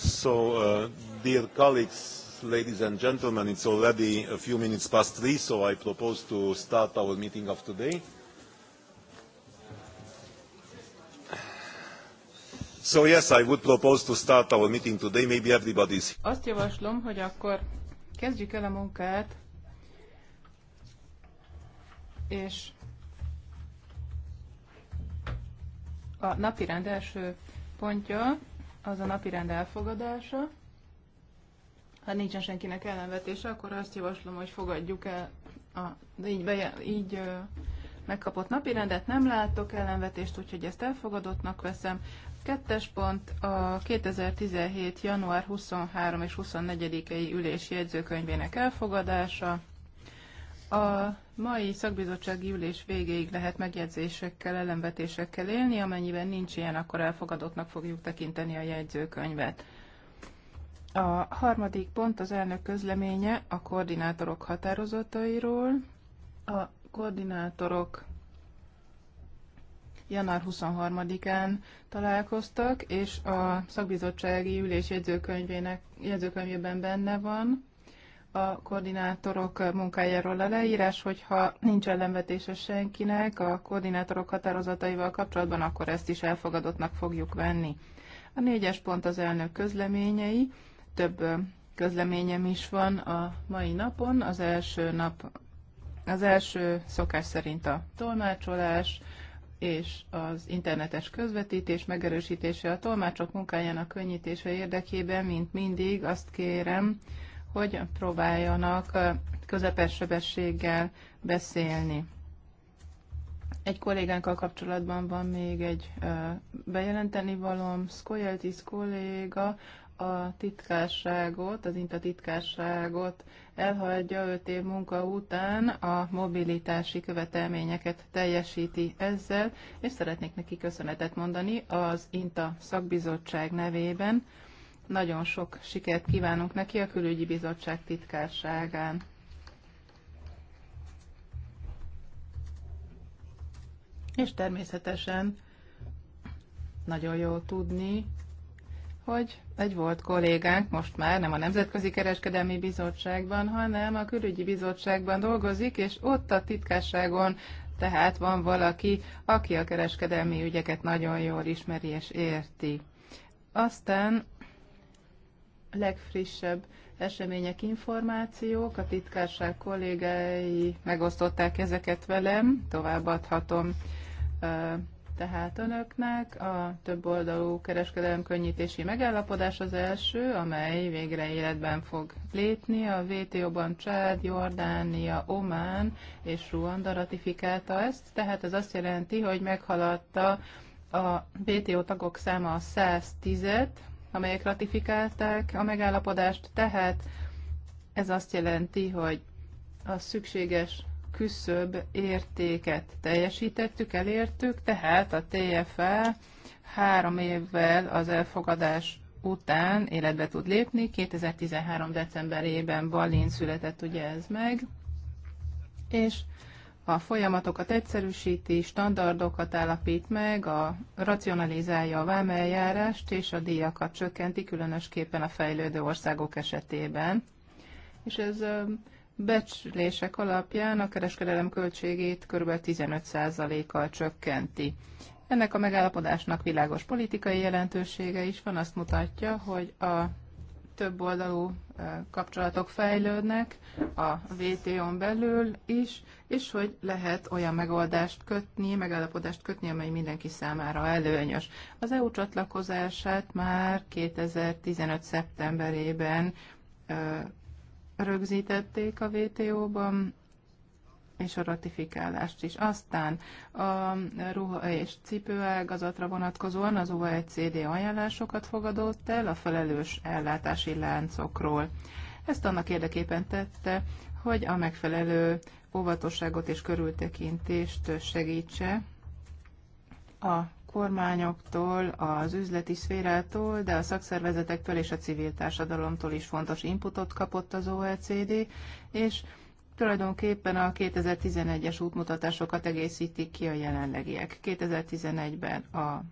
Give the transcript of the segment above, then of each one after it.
So, uh, dear colleagues, ladies and gentlemen, it's already a few minutes past three, so I propose to start our meeting of today. So yes, I would propose to start our meeting today. Maybe everybody's. Azt javaslom, hogy akkor kezdjük el a munkát, és a napirend első pontja az a napirend elfogadása. Ha nincsen senkinek ellenvetése, akkor azt javaslom, hogy fogadjuk el a, így, be, így ö, megkapott napirendet. Nem látok ellenvetést, úgyhogy ezt elfogadottnak veszem. Kettes pont a 2017. január 23 és 24-i ülés jegyzőkönyvének elfogadása. A mai szakbizottsági ülés végéig lehet megjegyzésekkel, ellenvetésekkel élni, amennyiben nincs ilyen, akkor elfogadottnak fogjuk tekinteni a jegyzőkönyvet. A harmadik pont az elnök közleménye a koordinátorok határozatairól. A koordinátorok január 23-án találkoztak, és a szakbizottsági ülés jegyzőkönyvének, jegyzőkönyvében benne van, a koordinátorok munkájáról a leírás, hogyha nincs ellenvetése senkinek a koordinátorok határozataival kapcsolatban, akkor ezt is elfogadottnak fogjuk venni. A négyes pont az elnök közleményei. Több közleményem is van a mai napon. Az első nap, az első szokás szerint a tolmácsolás, és az internetes közvetítés megerősítése a tolmácsok munkájának könnyítése érdekében, mint mindig azt kérem, hogy próbáljanak közepes sebességgel beszélni. Egy kollégánkkal kapcsolatban van még egy bejelenteni valom. Skoyeltis kolléga a titkárságot, az INTA titkárságot elhagyja 5 év munka után, a mobilitási követelményeket teljesíti ezzel, és szeretnék neki köszönetet mondani az INTA szakbizottság nevében, nagyon sok sikert kívánunk neki a külügyi bizottság titkárságán. És természetesen nagyon jó tudni, hogy egy volt kollégánk most már nem a Nemzetközi Kereskedelmi Bizottságban, hanem a Külügyi Bizottságban dolgozik, és ott a titkárságon tehát van valaki, aki a kereskedelmi ügyeket nagyon jól ismeri és érti. Aztán legfrissebb események, információk. A titkárság kollégái megosztották ezeket velem, továbbadhatom tehát önöknek. A több oldalú kereskedelem könnyítési megállapodás az első, amely végre életben fog lépni. A WTO-ban Csád, Jordánia, Omán és Ruanda ratifikálta ezt, tehát ez azt jelenti, hogy meghaladta a WTO tagok száma a 110-et, amelyek ratifikálták a megállapodást, tehát ez azt jelenti, hogy a szükséges küszöbb értéket teljesítettük, elértük, tehát a TFA három évvel az elfogadás után életbe tud lépni. 2013. decemberében Balin született ugye ez meg, és a folyamatokat egyszerűsíti, standardokat állapít meg, a, racionalizálja a vámeljárást és a díjakat csökkenti, különösképpen a fejlődő országok esetében. És ez becslések alapján a kereskedelem költségét kb. 15%-kal csökkenti. Ennek a megállapodásnak világos politikai jelentősége is van, azt mutatja, hogy a több oldalú kapcsolatok fejlődnek a VTO-n belül is, és hogy lehet olyan megoldást kötni, megállapodást kötni, amely mindenki számára előnyös. Az EU csatlakozását már 2015. szeptemberében rögzítették a VTO-ban, és a ratifikálást is. Aztán a ruha és cipőágazatra vonatkozóan az OECD ajánlásokat fogadott el a felelős ellátási láncokról. Ezt annak érdekében tette, hogy a megfelelő óvatosságot és körültekintést segítse a kormányoktól, az üzleti szférától, de a szakszervezetektől és a civil társadalomtól is fontos inputot kapott az OECD, és tulajdonképpen a 2011-es útmutatásokat egészítik ki a jelenlegiek. 2011-ben a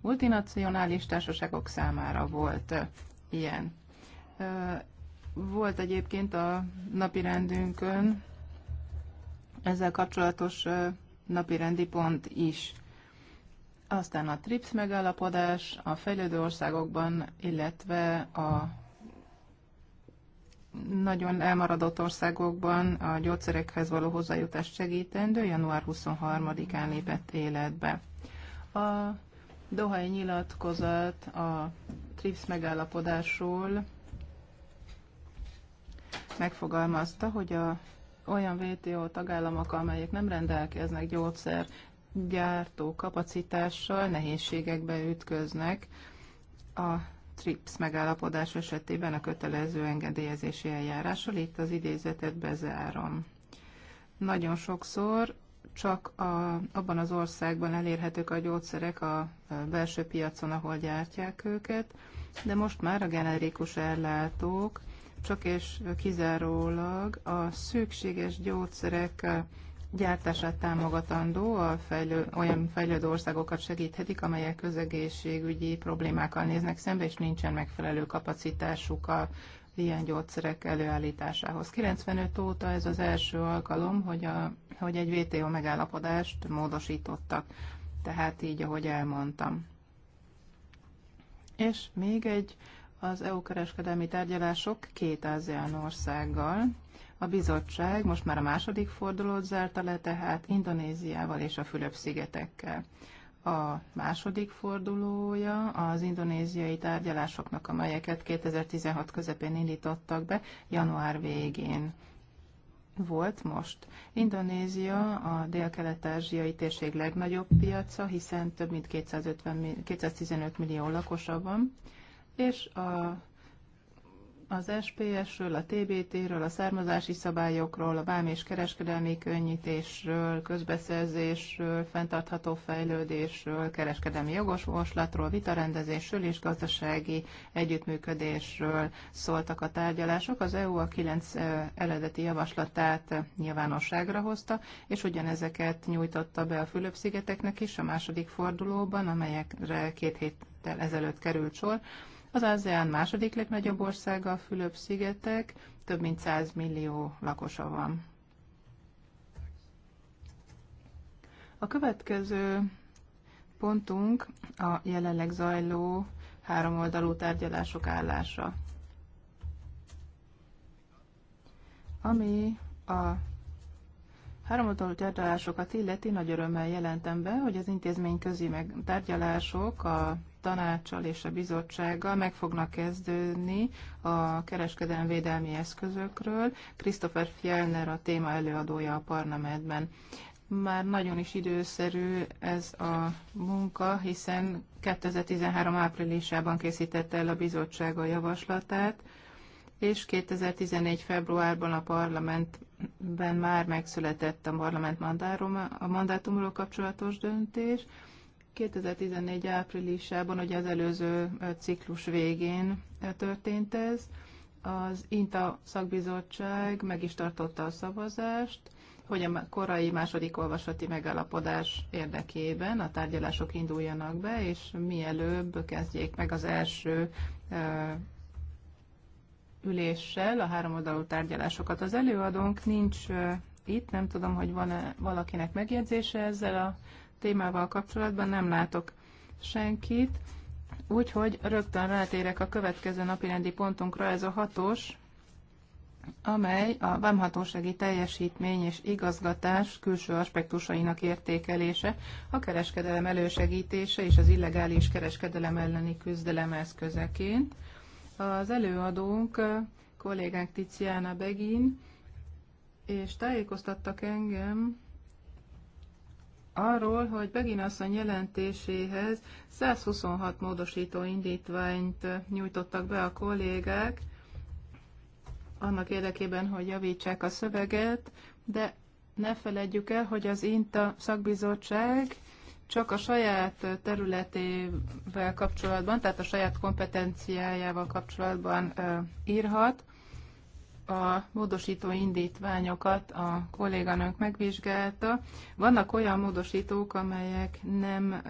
multinacionális társaságok számára volt ilyen. Volt egyébként a napi rendünkön ezzel kapcsolatos napi rendi pont is. Aztán a TRIPS megállapodás a fejlődő országokban, illetve a nagyon elmaradott országokban a gyógyszerekhez való hozzájutást segítendő január 23-án lépett életbe. A Dohai nyilatkozat a TRIPS megállapodásról megfogalmazta, hogy a olyan WTO tagállamok, amelyek nem rendelkeznek gyógyszer gyártó kapacitással, nehézségekbe ütköznek a TRIPS megállapodás esetében a kötelező engedélyezési eljárással. Itt az idézetet bezárom. Nagyon sokszor csak a, abban az országban elérhetők a gyógyszerek a belső piacon, ahol gyártják őket, de most már a generikus ellátók csak és kizárólag a szükséges gyógyszerek gyártását támogatandó, a fejlő, olyan fejlődő országokat segíthetik, amelyek közegészségügyi problémákkal néznek szembe, és nincsen megfelelő kapacitásuk a ilyen gyógyszerek előállításához. 95 óta ez az első alkalom, hogy, a, hogy egy WTO megállapodást módosítottak, tehát így, ahogy elmondtam. És még egy az EU kereskedelmi tárgyalások két ázián országgal, a bizottság most már a második fordulót zárta le, tehát Indonéziával és a Fülöp-szigetekkel. A második fordulója az indonéziai tárgyalásoknak, amelyeket 2016 közepén indítottak be, január végén volt most. Indonézia a dél-kelet-ázsiai térség legnagyobb piaca, hiszen több mint 250, 215 millió lakosa van, és a az SPS-ről, a TBT-ről, a származási szabályokról, a vám és kereskedelmi könnyítésről, közbeszerzésről, fenntartható fejlődésről, kereskedelmi jogosvoslatról, vitarendezésről és gazdasági együttműködésről szóltak a tárgyalások. Az EU a kilenc eredeti javaslatát nyilvánosságra hozta, és ugyanezeket nyújtotta be a Fülöp-szigeteknek is a második fordulóban, amelyekre két héttel ezelőtt került sor. Az ASEAN második legnagyobb országa, a Fülöp-szigetek, több mint 100 millió lakosa van. A következő pontunk a jelenleg zajló háromoldalú tárgyalások állása. Ami a háromoldalú tárgyalásokat illeti, nagy örömmel jelentem be, hogy az intézmény közi meg tárgyalások a tanácsal és a bizottsággal meg fognak kezdődni a kereskedelmi védelmi eszközökről. Christopher Fjellner a téma előadója a parlamentben. Már nagyon is időszerű ez a munka, hiszen 2013 áprilisában készítette el a bizottság a javaslatát, és 2014. februárban a parlamentben már megszületett a parlament mandátumról kapcsolatos döntés, 2014 áprilisában, ugye az előző ciklus végén történt ez, az INTA szakbizottság meg is tartotta a szavazást, hogy a korai második olvasati megállapodás érdekében a tárgyalások induljanak be, és mielőbb kezdjék meg az első üléssel a háromoldalú tárgyalásokat. Az előadónk nincs itt, nem tudom, hogy van-e valakinek megjegyzése ezzel a témával kapcsolatban nem látok senkit, úgyhogy rögtön rátérek a következő napirendi pontunkra, ez a hatos, amely a vámhatósági teljesítmény és igazgatás külső aspektusainak értékelése, a kereskedelem elősegítése és az illegális kereskedelem elleni küzdelem eszközeként. Az előadónk eh, kollégánk Tiziana Begin, és tájékoztattak engem, arról, hogy Begin asszony jelentéséhez 126 módosító indítványt nyújtottak be a kollégák, annak érdekében, hogy javítsák a szöveget, de ne feledjük el, hogy az INTA szakbizottság csak a saját területével kapcsolatban, tehát a saját kompetenciájával kapcsolatban írhat, a módosító indítványokat a kolléganőnk megvizsgálta. Vannak olyan módosítók, amelyek nem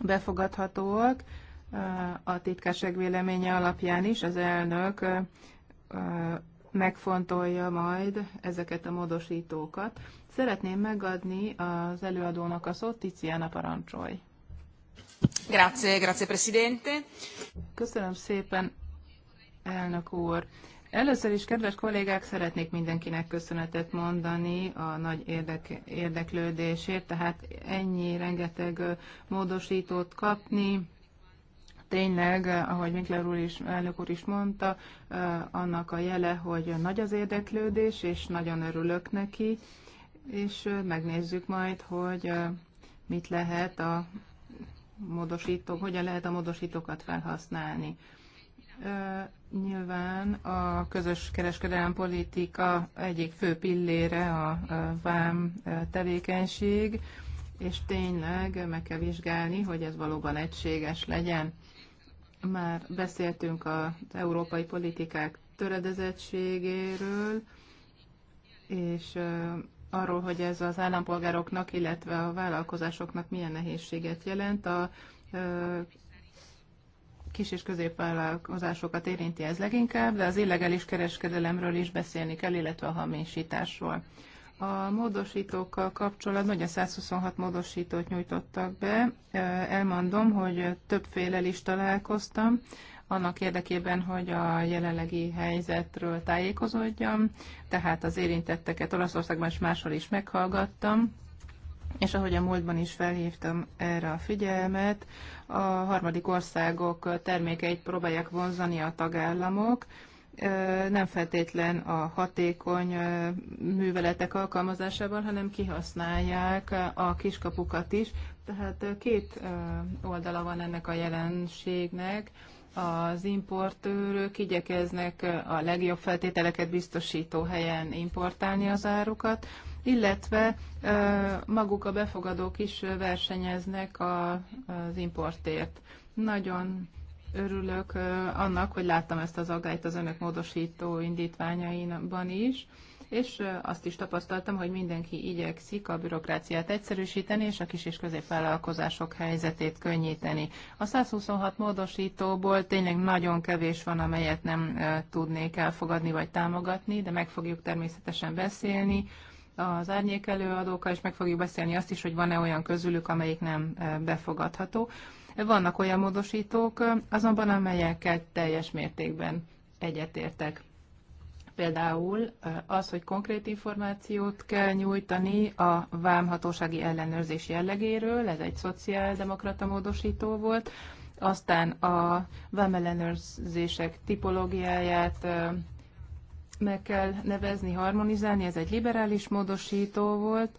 befogadhatóak a titkárság véleménye alapján is. Az elnök megfontolja majd ezeket a módosítókat. Szeretném megadni az előadónak a szót, Tiziana parancsolj. Grazie, grazie Presidente. Köszönöm szépen, elnök úr. Először is, kedves kollégák, szeretnék mindenkinek köszönetet mondani a nagy érdek, érdeklődésért, tehát ennyi rengeteg módosítót kapni, tényleg, ahogy Winkler úr is, elnök úr is mondta, annak a jele, hogy nagy az érdeklődés, és nagyon örülök neki, és megnézzük majd, hogy mit lehet a módosítók, hogyan lehet a módosítókat felhasználni. Nyilván a közös kereskedelmi politika egyik fő pillére a vám tevékenység, és tényleg meg kell vizsgálni, hogy ez valóban egységes legyen. Már beszéltünk az európai politikák töredezettségéről, és arról, hogy ez az állampolgároknak, illetve a vállalkozásoknak milyen nehézséget jelent. A kis- és középvállalkozásokat érinti ez leginkább, de az illegális kereskedelemről is beszélni kell, illetve a hamisításról. A módosítókkal kapcsolatban, ugye 126 módosítót nyújtottak be, elmondom, hogy többféle is találkoztam, annak érdekében, hogy a jelenlegi helyzetről tájékozódjam, tehát az érintetteket Olaszországban és máshol is meghallgattam, és ahogy a múltban is felhívtam erre a figyelmet, a harmadik országok termékeit próbálják vonzani a tagállamok, nem feltétlen a hatékony műveletek alkalmazásával, hanem kihasználják a kiskapukat is. Tehát két oldala van ennek a jelenségnek. Az importőrök igyekeznek a legjobb feltételeket biztosító helyen importálni az árukat, illetve maguk a befogadók is versenyeznek az importért. Nagyon örülök annak, hogy láttam ezt az aggályt az önök módosító indítványainban is, és azt is tapasztaltam, hogy mindenki igyekszik a bürokráciát egyszerűsíteni, és a kis és középvállalkozások helyzetét könnyíteni. A 126 módosítóból tényleg nagyon kevés van, amelyet nem tudnék elfogadni vagy támogatni, de meg fogjuk természetesen beszélni az árnyék előadókkal, és meg fogjuk beszélni azt is, hogy van-e olyan közülük, amelyik nem befogadható. Vannak olyan módosítók, azonban amelyeket teljes mértékben egyetértek. Például az, hogy konkrét információt kell nyújtani a vámhatósági ellenőrzés jellegéről, ez egy szociáldemokrata módosító volt, aztán a vámellenőrzések tipológiáját meg kell nevezni, harmonizálni, ez egy liberális módosító volt,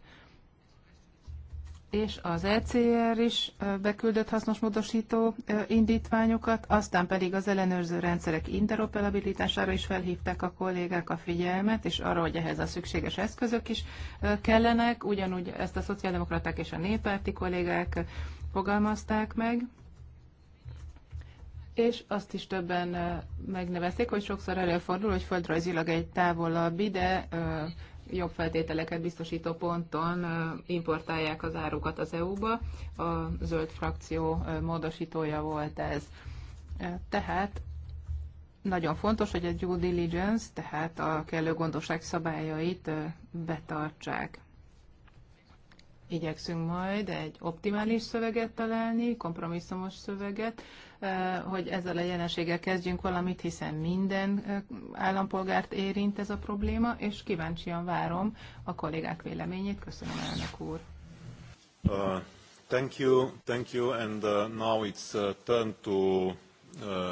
és az ECR is beküldött hasznos módosító indítványokat, aztán pedig az ellenőrző rendszerek interoperabilitására is felhívták a kollégák a figyelmet, és arra, hogy ehhez a szükséges eszközök is kellenek, ugyanúgy ezt a szociáldemokraták és a néppárti kollégák fogalmazták meg és azt is többen megnevezték, hogy sokszor előfordul, hogy földrajzilag egy távolabbi, de jobb feltételeket biztosító ponton importálják az árukat az EU-ba. A zöld frakció módosítója volt ez. Tehát nagyon fontos, hogy a due diligence, tehát a kellő gondosság szabályait betartsák. Igyekszünk majd egy optimális szöveget találni, kompromisszumos szöveget, Eh, hogy ezzel a jelenséggel kezdjünk valamit, hiszen minden eh, állampolgárt érint ez a probléma, és kíváncsian várom a kollégák véleményét. Köszönöm, elnök úr. Uh, thank you, thank you, and uh, now it's uh, turn to uh,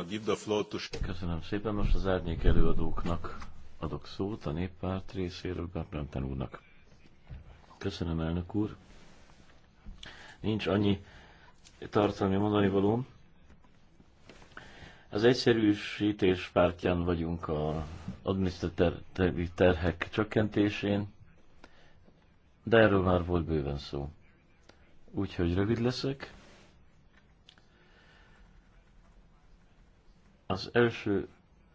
give the floor to... Köszönöm szépen, most az árnyék előadóknak adok szót, a néppárt részéről Berbrenten úrnak. Köszönöm, elnök úr. Nincs annyi tartalmi mondani valóm, az egyszerűsítés pártján vagyunk a adminisztratív terhek csökkentésén, de erről már volt bőven szó. Úgyhogy rövid leszek. Az első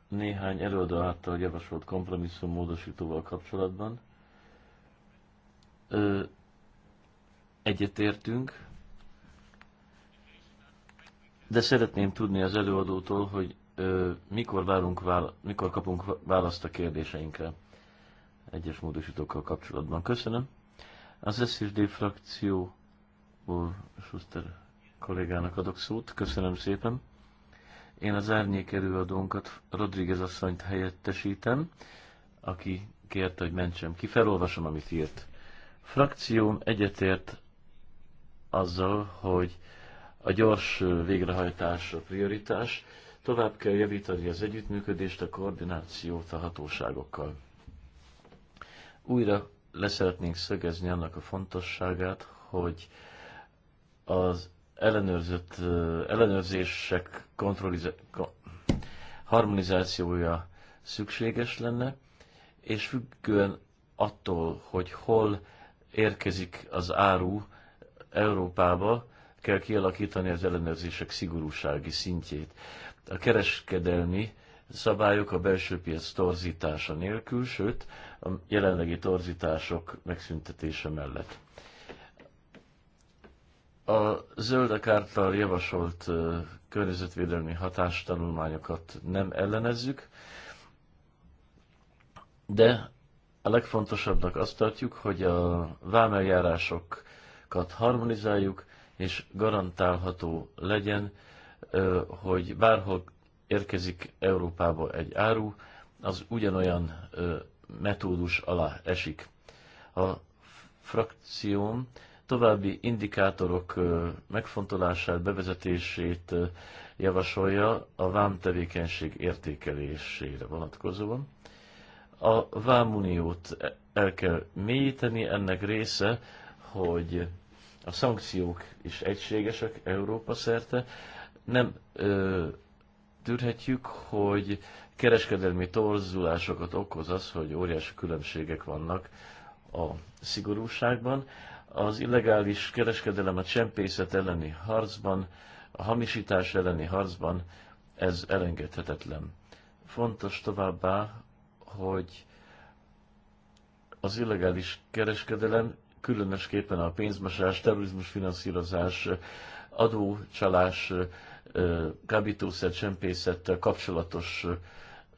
néhány előadó által javasolt kompromisszum módosítóval kapcsolatban. egyetértünk, de szeretném tudni az előadótól, hogy ö, mikor, válunk vála- mikor kapunk választ a kérdéseinkre egyes módosítókkal kapcsolatban. Köszönöm. Az SZSD frakcióból Schuster kollégának adok szót. Köszönöm szépen. Én az árnyék előadónkat, Rodriguez asszonyt helyettesítem, aki kérte, hogy mentsem ki. Felolvasom, amit írt. Frakcióm egyetért azzal, hogy a gyors végrehajtás a prioritás. Tovább kell javítani az együttműködést, a koordinációt a hatóságokkal. Újra leszeretnénk szögezni annak a fontosságát, hogy az ellenőrzött ellenőrzések harmonizációja szükséges lenne, és függően attól, hogy hol érkezik az áru Európába, kell kialakítani az ellenőrzések szigorúsági szintjét. A kereskedelmi szabályok a belső piac torzítása nélkül, sőt a jelenlegi torzítások megszüntetése mellett. A zöldek által javasolt környezetvédelmi hatástanulmányokat nem ellenezzük, de a legfontosabbnak azt tartjuk, hogy a vámeljárásokat harmonizáljuk, és garantálható legyen, hogy bárhol érkezik Európába egy áru, az ugyanolyan metódus alá esik. A frakcióm további indikátorok megfontolását, bevezetését javasolja a vám tevékenység értékelésére vonatkozóan. A vámuniót el kell mélyíteni, ennek része, hogy a szankciók is egységesek Európa szerte. Nem ö, tűrhetjük, hogy kereskedelmi torzulásokat okoz az, hogy óriási különbségek vannak a szigorúságban. Az illegális kereskedelem a csempészet elleni harcban, a hamisítás elleni harcban ez elengedhetetlen. Fontos továbbá, hogy az illegális kereskedelem különösképpen a pénzmosás, terrorizmus finanszírozás, adócsalás, kábítószer csempészettel kapcsolatos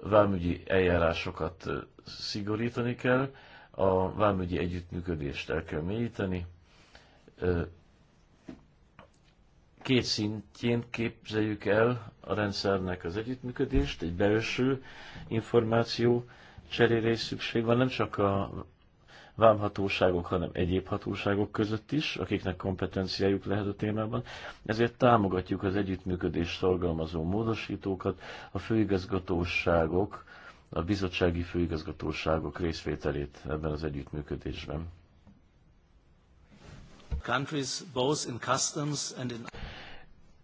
vámügyi eljárásokat szigorítani kell, a vámügyi együttműködést el kell mélyíteni. Két szintjén képzeljük el a rendszernek az együttműködést, egy belső információ cserére is szükség van, nem csak a vámhatóságok, hanem egyéb hatóságok között is, akiknek kompetenciájuk lehet a témában. Ezért támogatjuk az együttműködés szorgalmazó módosítókat, a főigazgatóságok, a bizottsági főigazgatóságok részvételét ebben az együttműködésben.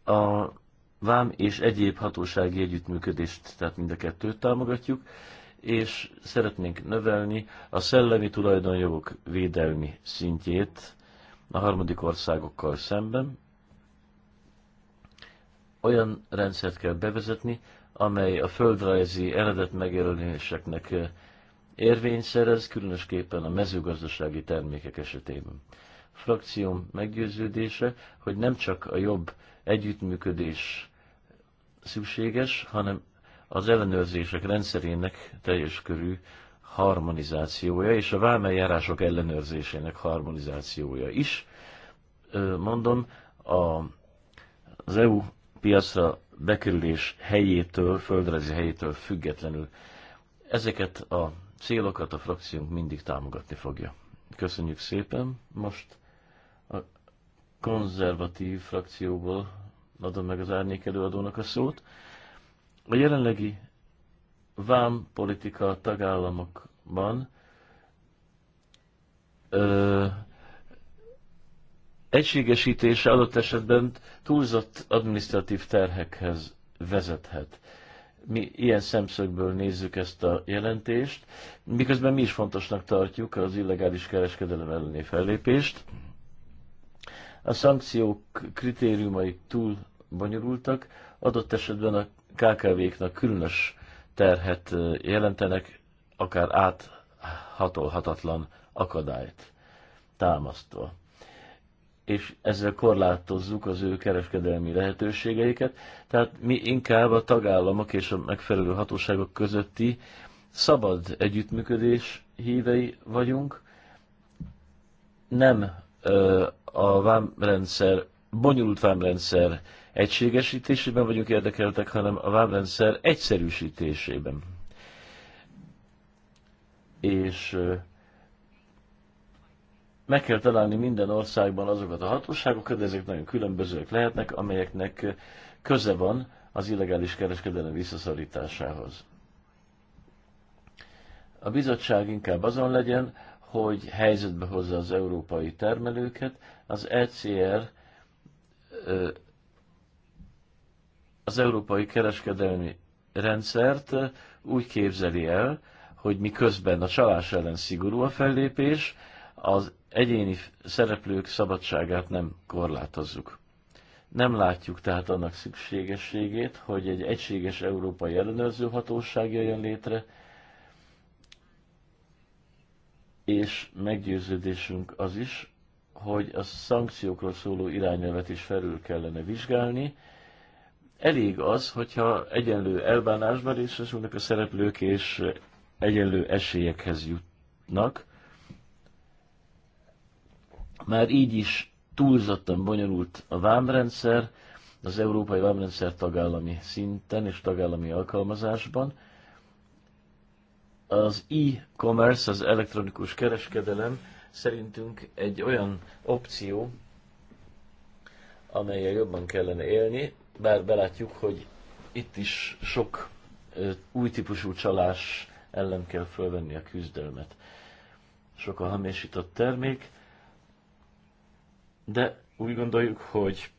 A vám és egyéb hatósági együttműködést, tehát mind a kettőt támogatjuk és szeretnénk növelni a szellemi tulajdonjogok védelmi szintjét a harmadik országokkal szemben. Olyan rendszert kell bevezetni, amely a földrajzi eredet megjelenéseknek eh, érvény szerez, különösképpen a mezőgazdasági termékek esetében. Frakcióm meggyőződése, hogy nem csak a jobb együttműködés szükséges, hanem az ellenőrzések rendszerének teljes körű harmonizációja és a vámeljárások ellenőrzésének harmonizációja is. Mondom, a, az EU piacra bekerülés helyétől, földrajzi helyétől függetlenül ezeket a célokat a frakciónk mindig támogatni fogja. Köszönjük szépen. Most a konzervatív frakcióból adom meg az árnyék előadónak a szót. A jelenlegi vámpolitika a tagállamokban ö, egységesítése adott esetben túlzott administratív terhekhez vezethet. Mi ilyen szemszögből nézzük ezt a jelentést, miközben mi is fontosnak tartjuk az illegális kereskedelem elleni fellépést. A szankciók kritériumai túl bonyolultak, adott esetben a KKV-knak különös terhet jelentenek, akár áthatolhatatlan akadályt támasztva. És ezzel korlátozzuk az ő kereskedelmi lehetőségeiket, tehát mi inkább a tagállamok és a megfelelő hatóságok közötti szabad együttműködés hívei vagyunk, nem ö, a vámrendszer, bonyolult vámrendszer egységesítésében vagyunk érdekeltek, hanem a vámrendszer egyszerűsítésében. És meg kell találni minden országban azokat a hatóságokat, de ezek nagyon különbözőek lehetnek, amelyeknek köze van az illegális kereskedelem visszaszorításához. A bizottság inkább azon legyen, hogy helyzetbe hozza az európai termelőket. Az ECR az európai kereskedelmi rendszert úgy képzeli el, hogy miközben a csalás ellen szigorú a fellépés, az egyéni szereplők szabadságát nem korlátozzuk. Nem látjuk tehát annak szükségességét, hogy egy egységes európai ellenőrző hatóság jöjjön létre, és meggyőződésünk az is, hogy a szankciókról szóló irányelvet is felül kellene vizsgálni, Elég az, hogyha egyenlő elbánásban részesülnek a szereplők, és egyenlő esélyekhez jutnak. Már így is túlzottan bonyolult a vámrendszer, az európai vámrendszer tagállami szinten és tagállami alkalmazásban. Az e-commerce, az elektronikus kereskedelem szerintünk egy olyan opció, amelyel jobban kellene élni, bár belátjuk, hogy itt is sok új típusú csalás ellen kell fölvenni a küzdelmet. Sok a hamisított termék, de úgy gondoljuk, hogy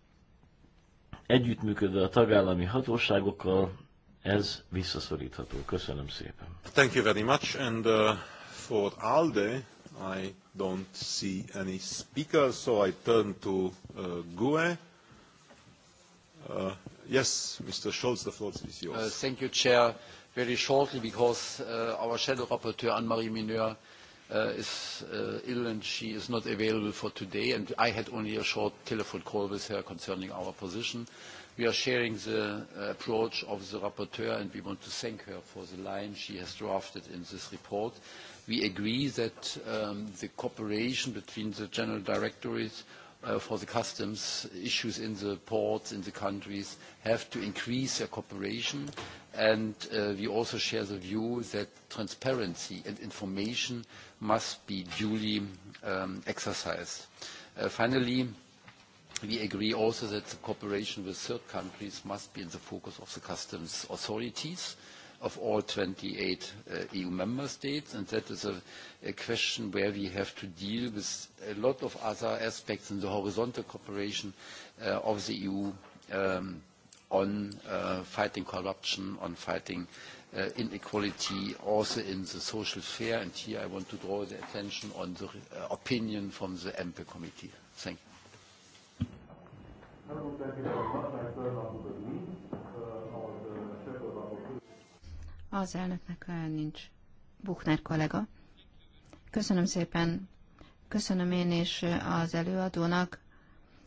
együttműködve a tagállami hatóságokkal ez visszaszorítható. Köszönöm szépen. Thank you very much, and uh, for ALDE, I don't see any speaker, so I turn to uh, GUE. Uh, yes, Mr. Scholz, the floor is yours. Uh, thank you, Chair. Very shortly, because uh, our shadow rapporteur, Anne-Marie Mineur, uh, is uh, ill and she is not available for today, and I had only a short telephone call with her concerning our position. We are sharing the uh, approach of the rapporteur, and we want to thank her for the line she has drafted in this report. We agree that um, the cooperation between the general directorates Uh, for the customs issues in the ports, in the countries, have to increase their cooperation. And uh, we also share the view that transparency and information must be duly um, exercised. Uh, finally, we agree also that the cooperation with third countries must be in the focus of the customs authorities. Uh, of all 28 uh, EU member states, and that is a, a question where we have to deal with a lot of other aspects in the horizontal cooperation uh, of the EU um, on uh, fighting corruption, on fighting uh, inequality, also in the social sphere. And here I want to draw the attention on the uh, opinion from the MPE committee. Thank you. Thank you very much. Az elnöknek nincs. Buchner kollega. Köszönöm szépen. Köszönöm én is az előadónak.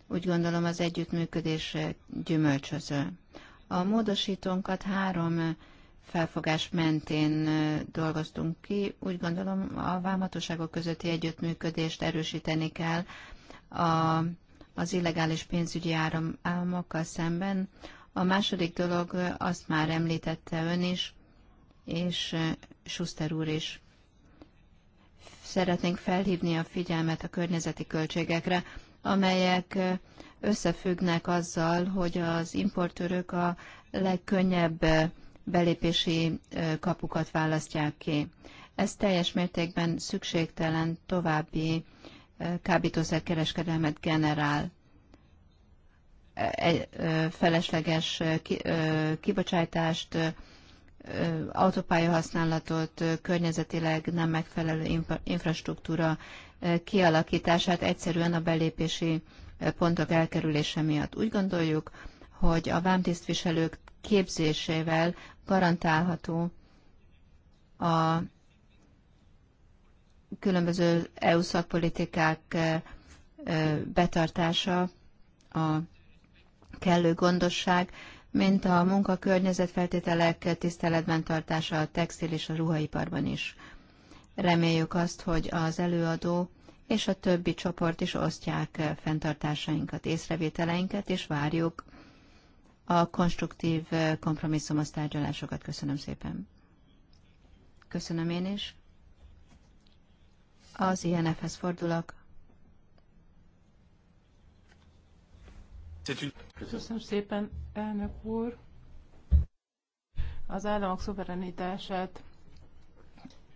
Úgy gondolom az együttműködés gyümölcsöző. A módosítónkat három felfogás mentén dolgoztunk ki. Úgy gondolom a vámhatóságok közötti együttműködést erősíteni kell a, az illegális pénzügyi áramokkal szemben. A második dolog azt már említette ön is, és eh, Schuster úr is. Szeretnénk felhívni a figyelmet a környezeti költségekre, amelyek eh, összefüggnek azzal, hogy az importőrök a legkönnyebb eh, belépési kapukat választják ki. Ez teljes mértékben szükségtelen további kábítószerkereskedelmet generál. E, e, felesleges kibocsátást, autópálya használatot, környezetileg nem megfelelő infrastruktúra kialakítását egyszerűen a belépési pontok elkerülése miatt. Úgy gondoljuk, hogy a vámtisztviselők képzésével garantálható a különböző EU szakpolitikák betartása, a kellő gondosság, mint a munkakörnyezet feltételek tiszteletben tartása a textil és a ruhaiparban is. Reméljük azt, hogy az előadó és a többi csoport is osztják fenntartásainkat, észrevételeinket, és várjuk a konstruktív kompromisszumos tárgyalásokat. Köszönöm szépen. Köszönöm én is. Az INF-hez fordulok. Köszönöm szépen, elnök úr. Az államok szuverenitását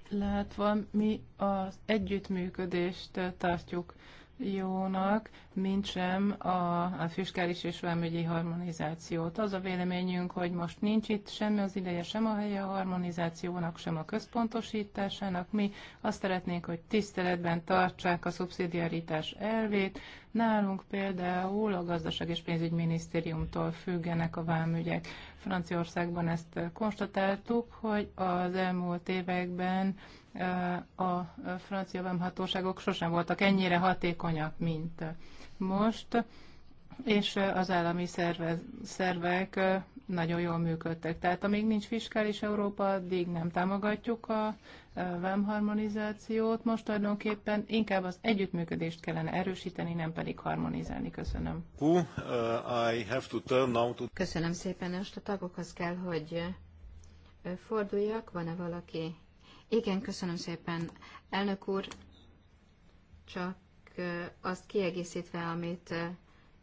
látva mi az együttműködést tartjuk jónak, mint sem a, a fiskális és vámügyi harmonizációt. Az a véleményünk, hogy most nincs itt semmi az ideje, sem a helye a harmonizációnak, sem a központosításának. Mi azt szeretnénk, hogy tiszteletben tartsák a szubszidiaritás elvét. Nálunk például a gazdaság és pénzügyminisztériumtól függenek a vámügyek. Franciaországban ezt konstatáltuk, hogy az elmúlt években a francia vámhatóságok sosem voltak ennyire hatékonyak, mint most, és az állami szervek nagyon jól működtek. Tehát amíg nincs fiskális Európa, addig nem támogatjuk a vámharmonizációt. Most tulajdonképpen inkább az együttműködést kellene erősíteni, nem pedig harmonizálni. Köszönöm. Uh, Köszönöm szépen. Most a tagokhoz kell, hogy forduljak. Van-e valaki, igen, köszönöm szépen. Elnök úr, csak azt kiegészítve, amit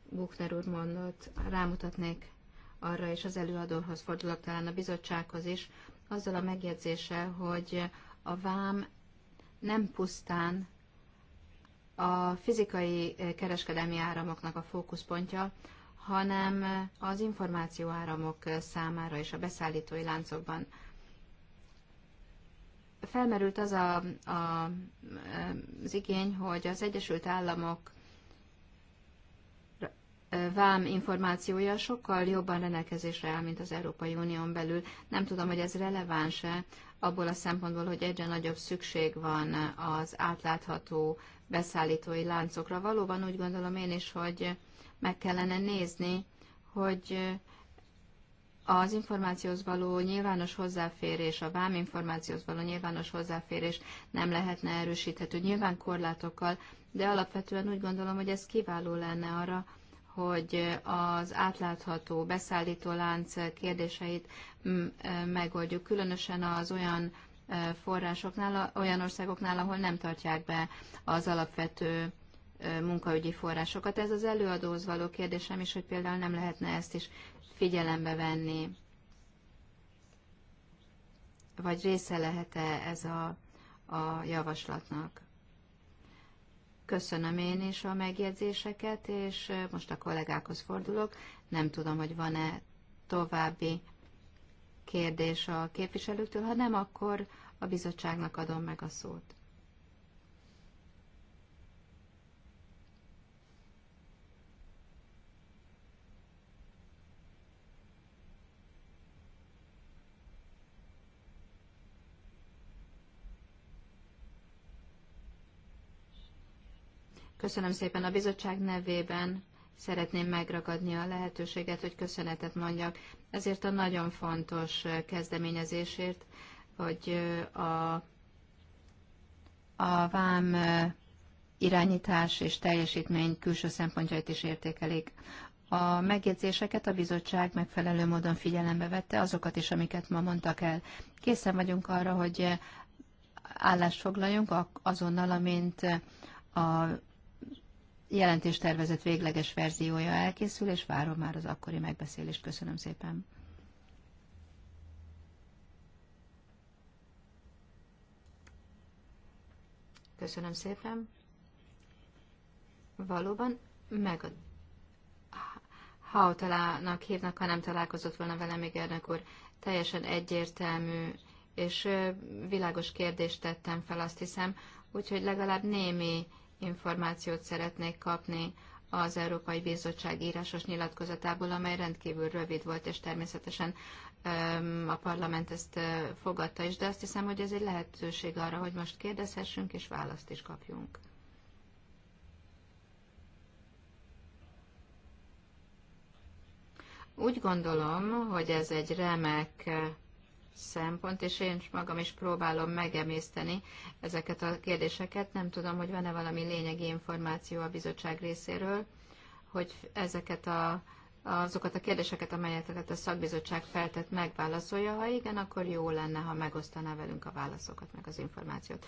Buchner úr mondott, rámutatnék arra, és az előadóhoz fordulok talán a bizottsághoz is, azzal a megjegyzéssel, hogy a vám nem pusztán a fizikai kereskedelmi áramoknak a fókuszpontja, hanem az információ áramok számára és a beszállítói láncokban felmerült az a, a, az igény, hogy az Egyesült Államok vám információja sokkal jobban rendelkezésre áll, mint az Európai Unión belül. Nem tudom, hogy ez releváns-e abból a szempontból, hogy egyre nagyobb szükség van az átlátható beszállítói láncokra. Valóban úgy gondolom én is, hogy meg kellene nézni, hogy az információhoz való nyilvános hozzáférés, a váminformációhoz való nyilvános hozzáférés nem lehetne erősíthető, nyilván korlátokkal, de alapvetően úgy gondolom, hogy ez kiváló lenne arra, hogy az átlátható beszállító lánc kérdéseit mm, e, megoldjuk, különösen az olyan e, forrásoknál, olyan országoknál, ahol nem tartják be az alapvető e, munkaügyi forrásokat. Ez az előadóhoz való kérdésem is, hogy például nem lehetne ezt is figyelembe venni? Vagy része lehet-e ez a, a javaslatnak? Köszönöm én is a megjegyzéseket, és most a kollégákhoz fordulok. Nem tudom, hogy van-e további kérdés a képviselőktől, ha nem, akkor a bizottságnak adom meg a szót. Köszönöm szépen a bizottság nevében. Szeretném megragadni a lehetőséget, hogy köszönetet mondjak ezért a nagyon fontos kezdeményezésért, hogy a, a vám irányítás és teljesítmény külső szempontjait is értékelik. A megjegyzéseket a bizottság megfelelő módon figyelembe vette, azokat is, amiket ma mondtak el. Készen vagyunk arra, hogy állást foglaljunk azonnal, amint a jelentéstervezet végleges verziója elkészül, és várom már az akkori megbeszélést. Köszönöm szépen. Köszönöm szépen. Valóban meg a Hautalának hívnak, ha nem találkozott volna velem még elnök úr. Teljesen egyértelmű és világos kérdést tettem fel, azt hiszem, úgyhogy legalább némi információt szeretnék kapni az Európai Bizottság írásos nyilatkozatából, amely rendkívül rövid volt, és természetesen a parlament ezt fogadta is, de azt hiszem, hogy ez egy lehetőség arra, hogy most kérdezhessünk és választ is kapjunk. Úgy gondolom, hogy ez egy remek szempont, és én magam is próbálom megemészteni ezeket a kérdéseket. Nem tudom, hogy van-e valami lényegi információ a bizottság részéről, hogy ezeket a, azokat a kérdéseket, amelyeket a szakbizottság feltett, megválaszolja. Ha igen, akkor jó lenne, ha megosztaná velünk a válaszokat, meg az információt.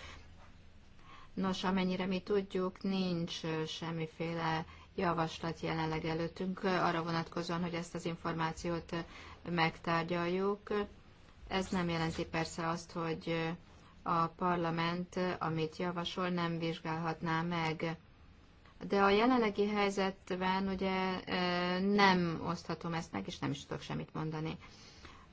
Nos, amennyire mi tudjuk, nincs semmiféle javaslat jelenleg előttünk arra vonatkozóan, hogy ezt az információt megtárgyaljuk ez nem jelenti persze azt, hogy a parlament, amit javasol, nem vizsgálhatná meg. De a jelenlegi helyzetben ugye nem oszthatom ezt meg, és nem is tudok semmit mondani.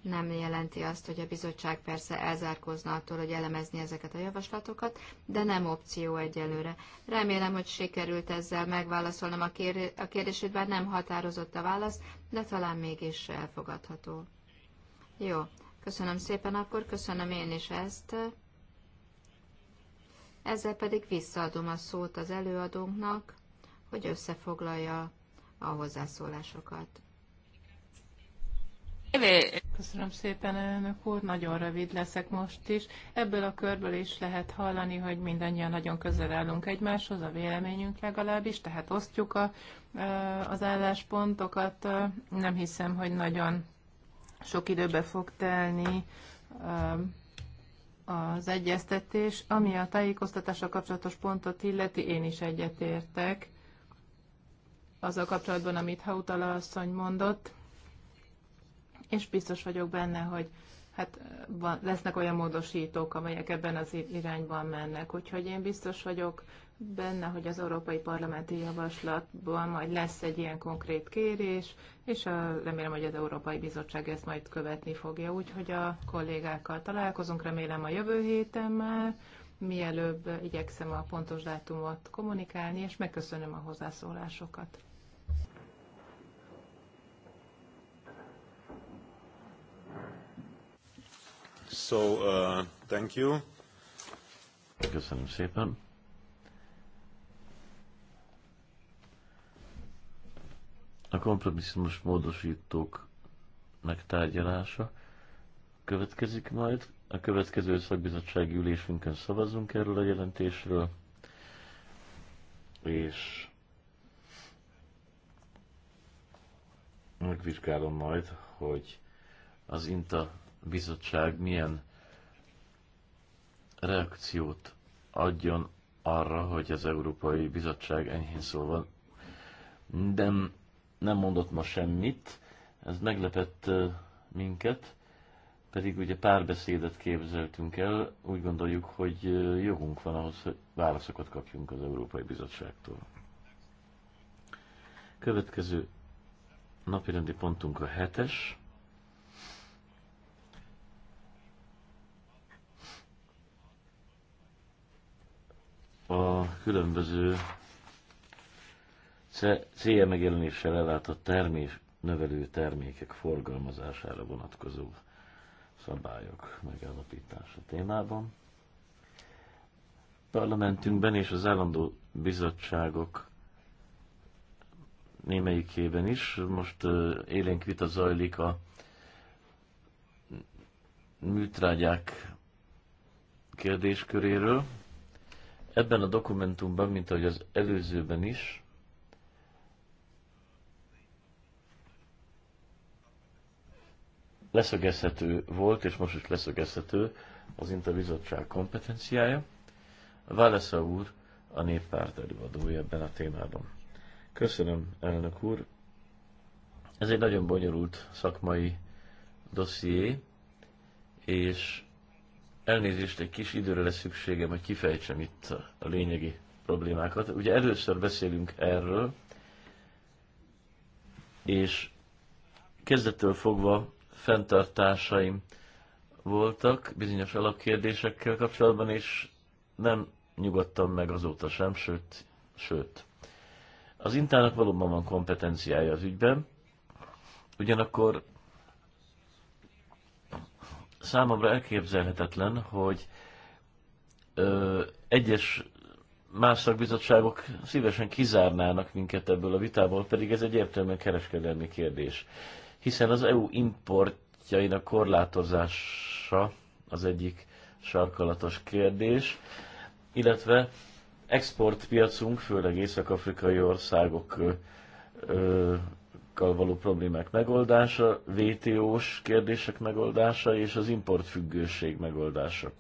Nem jelenti azt, hogy a bizottság persze elzárkózna attól, hogy elemezni ezeket a javaslatokat, de nem opció egyelőre. Remélem, hogy sikerült ezzel megválaszolnom a, kérdését, bár nem határozott a válasz, de talán mégis elfogadható. Jó, Köszönöm szépen, akkor köszönöm én is ezt. Ezzel pedig visszaadom a szót az előadónknak, hogy összefoglalja a hozzászólásokat. Köszönöm szépen, elnök úr, nagyon rövid leszek most is. Ebből a körből is lehet hallani, hogy mindannyian nagyon közel állunk egymáshoz, a véleményünk legalábbis, tehát osztjuk a, az álláspontokat. Nem hiszem, hogy nagyon sok időbe fog telni um, az egyeztetés. Ami a tájékoztatással kapcsolatos pontot illeti, én is egyetértek azzal kapcsolatban, amit Hautala asszony mondott, és biztos vagyok benne, hogy hát van, lesznek olyan módosítók, amelyek ebben az irányban mennek. Úgyhogy én biztos vagyok benne, hogy az Európai Parlamenti Javaslatban majd lesz egy ilyen konkrét kérés, és a, remélem, hogy az Európai Bizottság ezt majd követni fogja. Úgyhogy a kollégákkal találkozunk, remélem a jövő héten már, mielőbb igyekszem a pontos dátumot kommunikálni, és megköszönöm a hozzászólásokat. So, uh, thank you. Köszönöm szépen. a kompromisszumos módosítók megtárgyalása következik majd. A következő szakbizottsági ülésünkön szavazunk erről a jelentésről, és megvizsgálom majd, hogy az INTA bizottság milyen reakciót adjon arra, hogy az Európai Bizottság enyhén szólva nem nem mondott ma semmit, ez meglepett minket, pedig ugye párbeszédet képzeltünk el, úgy gondoljuk, hogy jogunk van ahhoz, hogy válaszokat kapjunk az Európai Bizottságtól. Következő napirendi pontunk a hetes. A különböző célja megjelenéssel a termés növelő termékek forgalmazására vonatkozó szabályok megállapítása témában. Parlamentünkben és az állandó bizottságok némelyikében is most élénk vita zajlik a műtrágyák kérdésköréről. Ebben a dokumentumban, mint ahogy az előzőben is, leszögezhető volt, és most is leszögezhető az interbizottság kompetenciája. Válesza úr a néppárt előadója ebben a témában. Köszönöm, elnök úr. Ez egy nagyon bonyolult szakmai dosszié, és elnézést, egy kis időre lesz szükségem, hogy kifejtsem itt a lényegi problémákat. Ugye először beszélünk erről, és kezdettől fogva fenntartásaim voltak bizonyos alapkérdésekkel kapcsolatban, és nem nyugodtam meg azóta sem, sőt, sőt. Az Intának valóban van kompetenciája az ügyben, ugyanakkor számomra elképzelhetetlen, hogy ö, egyes más szakbizottságok szívesen kizárnának minket ebből a vitából, pedig ez egyértelműen kereskedelmi kérdés hiszen az EU importjainak korlátozása az egyik sarkalatos kérdés, illetve exportpiacunk, főleg észak-afrikai országokkal való problémák megoldása, WTO-s kérdések megoldása és az importfüggőség megoldása.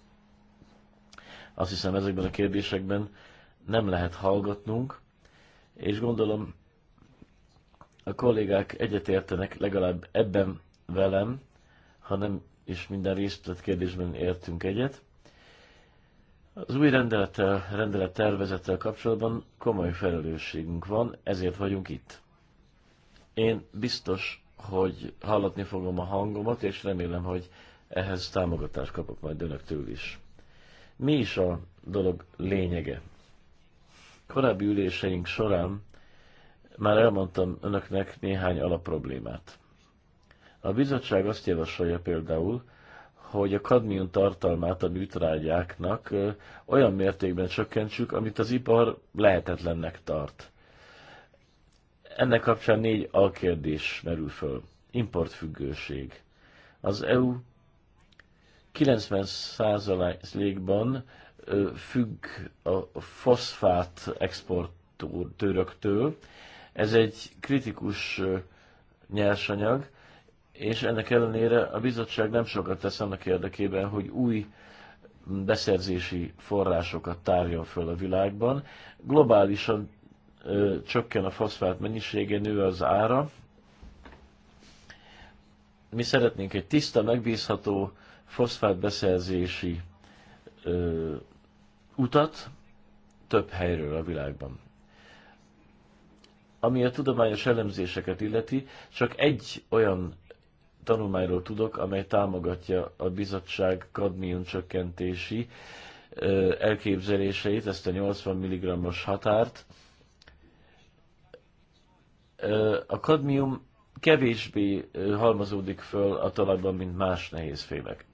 Azt hiszem ezekben a kérdésekben nem lehet hallgatnunk, és gondolom a kollégák egyetértenek legalább ebben velem, ha nem is minden részletkérdésben értünk egyet. Az új rendelettel, rendelet tervezettel kapcsolatban komoly felelősségünk van, ezért vagyunk itt. Én biztos, hogy hallatni fogom a hangomat, és remélem, hogy ehhez támogatást kapok majd önöktől is. Mi is a dolog lényege? Korábbi üléseink során már elmondtam önöknek néhány alapproblémát. A bizottság azt javasolja például, hogy a kadmium tartalmát a műtrágyáknak olyan mértékben csökkentsük, amit az ipar lehetetlennek tart. Ennek kapcsán négy alkérdés merül föl. Importfüggőség. Az EU 90%-ban függ a foszfát exportőröktől, ez egy kritikus nyersanyag, és ennek ellenére a bizottság nem sokat tesz annak érdekében, hogy új beszerzési forrásokat tárjon föl a világban. Globálisan ö, csökken a foszfát mennyisége, nő az ára. Mi szeretnénk egy tiszta, megbízható foszfát beszerzési ö, utat több helyről a világban. Ami a tudományos elemzéseket illeti, csak egy olyan tanulmányról tudok, amely támogatja a bizottság kadmium csökkentési elképzeléseit, ezt a 80 mg-os határt. A kadmium kevésbé halmazódik föl a talajban, mint más nehézfémek.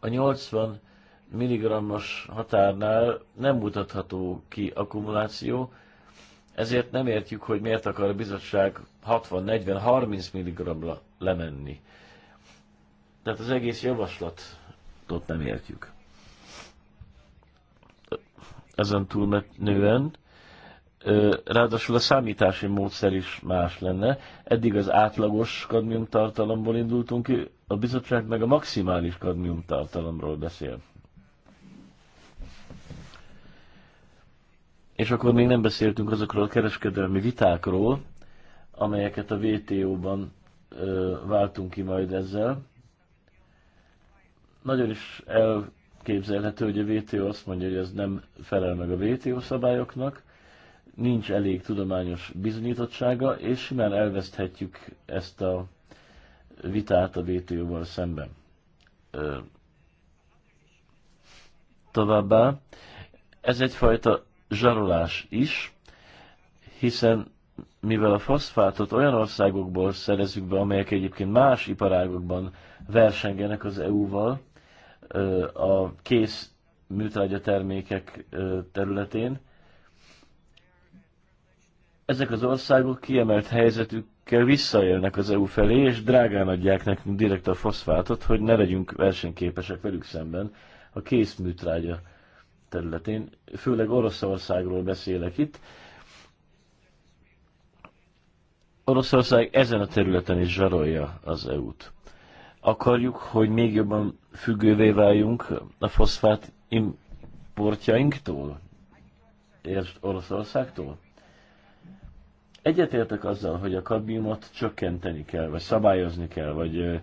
A 80 mg-os határnál nem mutatható ki akkumuláció, ezért nem értjük, hogy miért akar a bizottság 60-40-30 mg-ra lemenni. Tehát az egész javaslatot nem értjük. Ezen nően, ráadásul a számítási módszer is más lenne. Eddig az átlagos kadmium tartalomból indultunk ki, a bizottság meg a maximális kadmium tartalomról beszél. És akkor még nem beszéltünk azokról a kereskedelmi vitákról, amelyeket a WTO-ban váltunk ki majd ezzel. Nagyon is elképzelhető, hogy a WTO azt mondja, hogy ez nem felel meg a WTO szabályoknak, nincs elég tudományos bizonyítottsága, és simán elveszthetjük ezt a vitát a WTO-val szemben. Továbbá, ez egyfajta zsarolás is, hiszen mivel a foszfátot olyan országokból szerezzük be, amelyek egyébként más iparágokban versengenek az EU-val, a kész műtrágya termékek területén, ezek az országok kiemelt helyzetükkel visszaélnek az EU felé, és drágán adják nekünk direkt a foszfátot, hogy ne legyünk versenyképesek velük szemben a kész műtrágya területén, főleg Oroszországról beszélek itt. Oroszország ezen a területen is zsarolja az EU-t. Akarjuk, hogy még jobban függővé váljunk a foszfát importjainktól? És Oroszországtól? Egyetértek azzal, hogy a kadmiumot csökkenteni kell, vagy szabályozni kell, vagy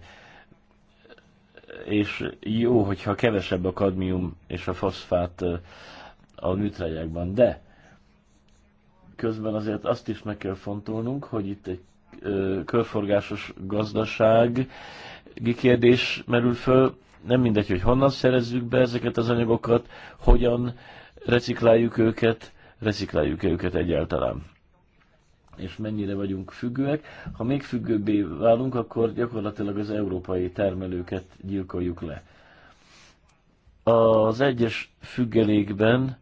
és jó, hogyha kevesebb a kadmium és a foszfát a műtrágyákban, de közben azért azt is meg kell fontolnunk, hogy itt egy körforgásos gazdaság kérdés merül föl, nem mindegy, hogy honnan szerezzük be ezeket az anyagokat, hogyan recikláljuk őket, recikláljuk -e őket egyáltalán és mennyire vagyunk függőek. Ha még függőbbé válunk, akkor gyakorlatilag az európai termelőket gyilkoljuk le. Az egyes függelékben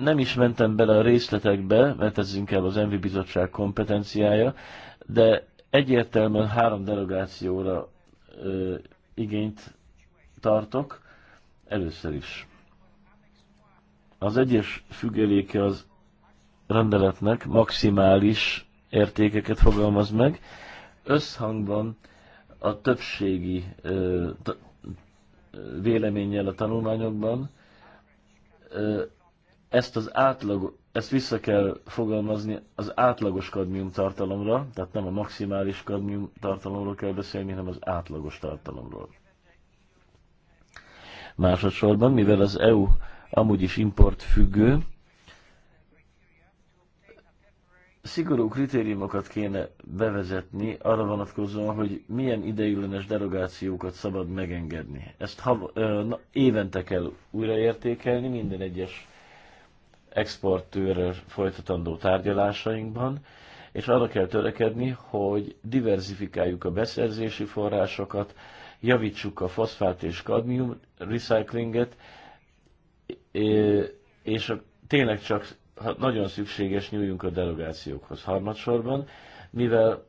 nem is mentem bele a részletekbe, mert ez inkább az Envi Bizottság kompetenciája, de egyértelműen három delegációra ö, igényt tartok, először is. Az egyes függeléke az rendeletnek maximális értékeket fogalmaz meg, összhangban a többségi ö, véleménnyel a tanulmányokban, ö, ezt az átlag, ezt vissza kell fogalmazni az átlagos kadmium tartalomra, tehát nem a maximális kadmium tartalomról kell beszélni, hanem az átlagos tartalomról. Másodszorban, mivel az EU amúgy is import függő, szigorú kritériumokat kéne bevezetni arra vonatkozóan, hogy milyen ideiglenes derogációkat szabad megengedni. Ezt ha, ö, na, évente kell újraértékelni minden egyes exportőrrel folytatandó tárgyalásainkban, és arra kell törekedni, hogy diversifikáljuk a beszerzési forrásokat, javítsuk a foszfát és kadmium recyclinget, és a, tényleg csak Hát nagyon szükséges, nyúljunk a delegációkhoz. Harmadsorban, mivel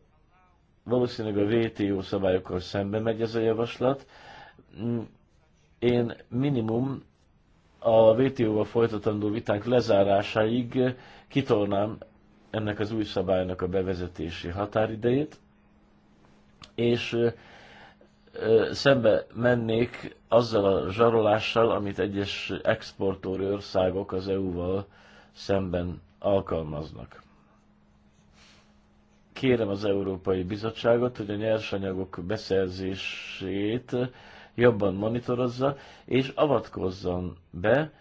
valószínűleg a VTO szabályokkal szembe megy ez a javaslat, én minimum a vto val folytatandó vitánk lezárásáig kitolnám ennek az új szabálynak a bevezetési határidejét, és szembe mennék azzal a zsarolással, amit egyes exportőr országok az EU-val szemben alkalmaznak. Kérem az Európai Bizottságot, hogy a nyersanyagok beszerzését jobban monitorozza, és avatkozzon be,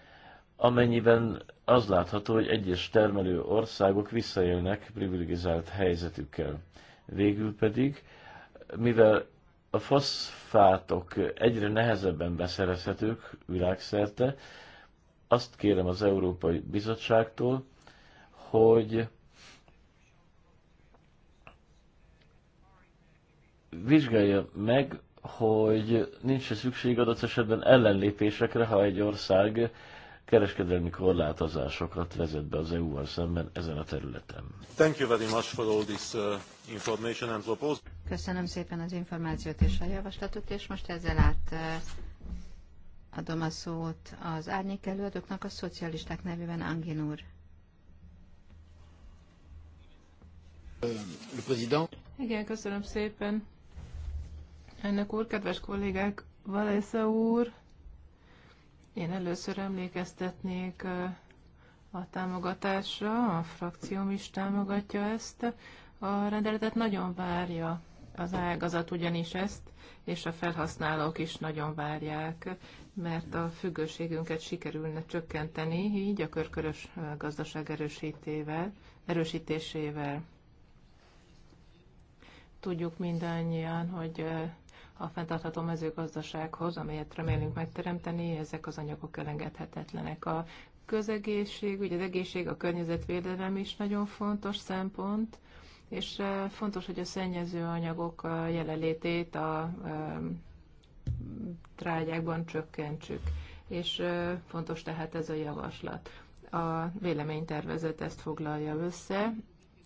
amennyiben az látható, hogy egyes termelő országok visszaélnek privilegizált helyzetükkel. Végül pedig, mivel a foszfátok egyre nehezebben beszerezhetők világszerte, azt kérem az Európai Bizottságtól, hogy vizsgálja meg, hogy nincs-e szükség adott esetben ellenlépésekre, ha egy ország kereskedelmi korlátozásokat vezet be az EU-val szemben ezen a területen. Thank you very much for all this uh, information and Köszönöm szépen az információt és a javaslatot, és most ezzel át uh, Adom a szót az árnyék előadóknak, a szocialisták nevében Angin úr. Euh, Igen, köszönöm szépen. Ennek úr, kedves kollégák, Valesza úr, én először emlékeztetnék uh, a támogatásra, a frakcióm is támogatja ezt. A rendeletet nagyon várja az ágazat ugyanis ezt, és a felhasználók is nagyon várják mert a függőségünket sikerülne csökkenteni, így a körkörös gazdaság erősítével, erősítésével. Tudjuk mindannyian, hogy a fenntartható mezőgazdasághoz, amelyet remélünk megteremteni, ezek az anyagok elengedhetetlenek. A közegészség, ugye az egészség, a környezetvédelem is nagyon fontos szempont, és fontos, hogy a szennyező anyagok jelenlétét a trágyákban csökkentsük. És fontos tehát ez a javaslat. A véleménytervezet ezt foglalja össze,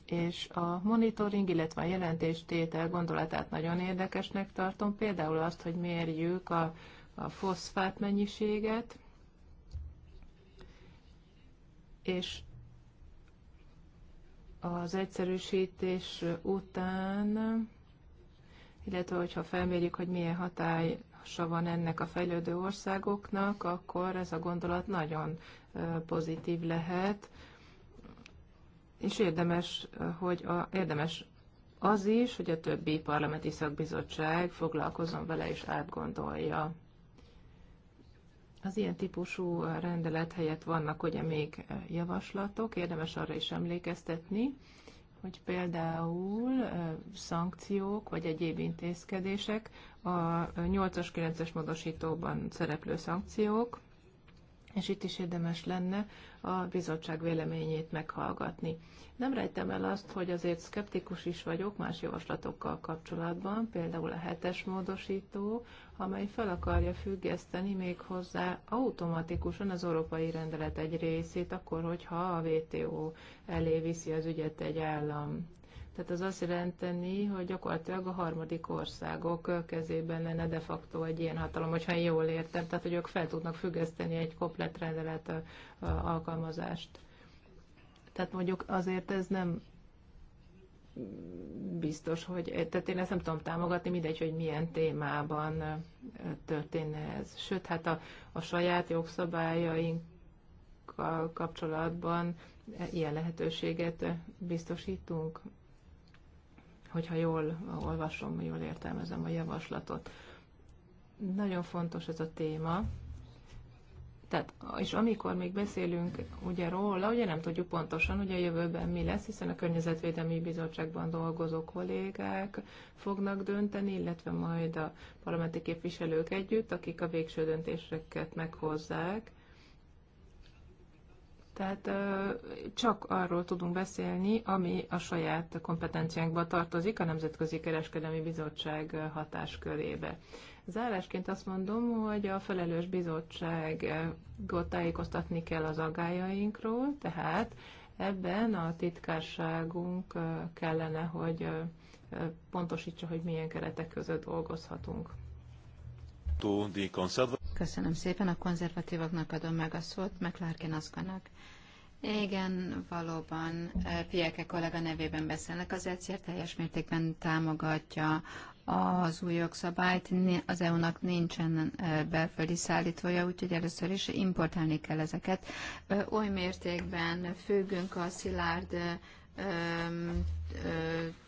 és a monitoring, illetve a jelentéstétel gondolatát nagyon érdekesnek tartom. Például azt, hogy mérjük a, a foszfát mennyiséget, és az egyszerűsítés után, illetve hogyha felmérjük, hogy milyen hatály hatása van ennek a fejlődő országoknak, akkor ez a gondolat nagyon pozitív lehet, és érdemes, hogy a, érdemes az is, hogy a többi parlamenti szakbizottság foglalkozom vele és átgondolja. Az ilyen típusú rendelet helyett vannak ugye még javaslatok, érdemes arra is emlékeztetni, hogy például szankciók vagy egyéb intézkedések, a 8-as, 9-es módosítóban szereplő szankciók, és itt is érdemes lenne a bizottság véleményét meghallgatni. Nem rejtem el azt, hogy azért szkeptikus is vagyok más javaslatokkal kapcsolatban, például a hetes módosító, amely fel akarja függeszteni még hozzá automatikusan az európai rendelet egy részét, akkor, hogyha a WTO elé viszi az ügyet egy állam. Tehát az azt jelenteni, hogy gyakorlatilag a harmadik országok kezében lenne de facto egy ilyen hatalom, hogyha én jól értem, tehát hogy ők fel tudnak függeszteni egy komplet rendelet alkalmazást. Tehát mondjuk azért ez nem biztos, hogy, tehát én ezt nem tudom támogatni, mindegy, hogy milyen témában történne ez. Sőt, hát a, a saját jogszabályainkkal kapcsolatban ilyen lehetőséget biztosítunk hogyha jól olvasom, jól értelmezem a javaslatot. Nagyon fontos ez a téma. Tehát, és amikor még beszélünk ugye róla, ugye nem tudjuk pontosan, hogy a jövőben mi lesz, hiszen a Környezetvédelmi Bizottságban dolgozó kollégák fognak dönteni, illetve majd a parlamenti képviselők együtt, akik a végső döntéseket meghozzák. Tehát csak arról tudunk beszélni, ami a saját kompetenciánkba tartozik, a Nemzetközi Kereskedelmi Bizottság hatáskörébe. Zárásként azt mondom, hogy a felelős bizottságot tájékoztatni kell az agályainkról, tehát ebben a titkárságunk kellene, hogy pontosítsa, hogy milyen keretek között dolgozhatunk. Köszönöm szépen, a konzervatívoknak adom meg a szót, McLarkin Aszkanak. Igen, valóban eh, Pieke kollega nevében beszélnek. Az egyszer teljes mértékben támogatja az új jogszabályt. Az EU-nak nincsen eh, belföldi szállítója, úgyhogy először is importálni kell ezeket. Eh, oly mértékben függünk a szilárd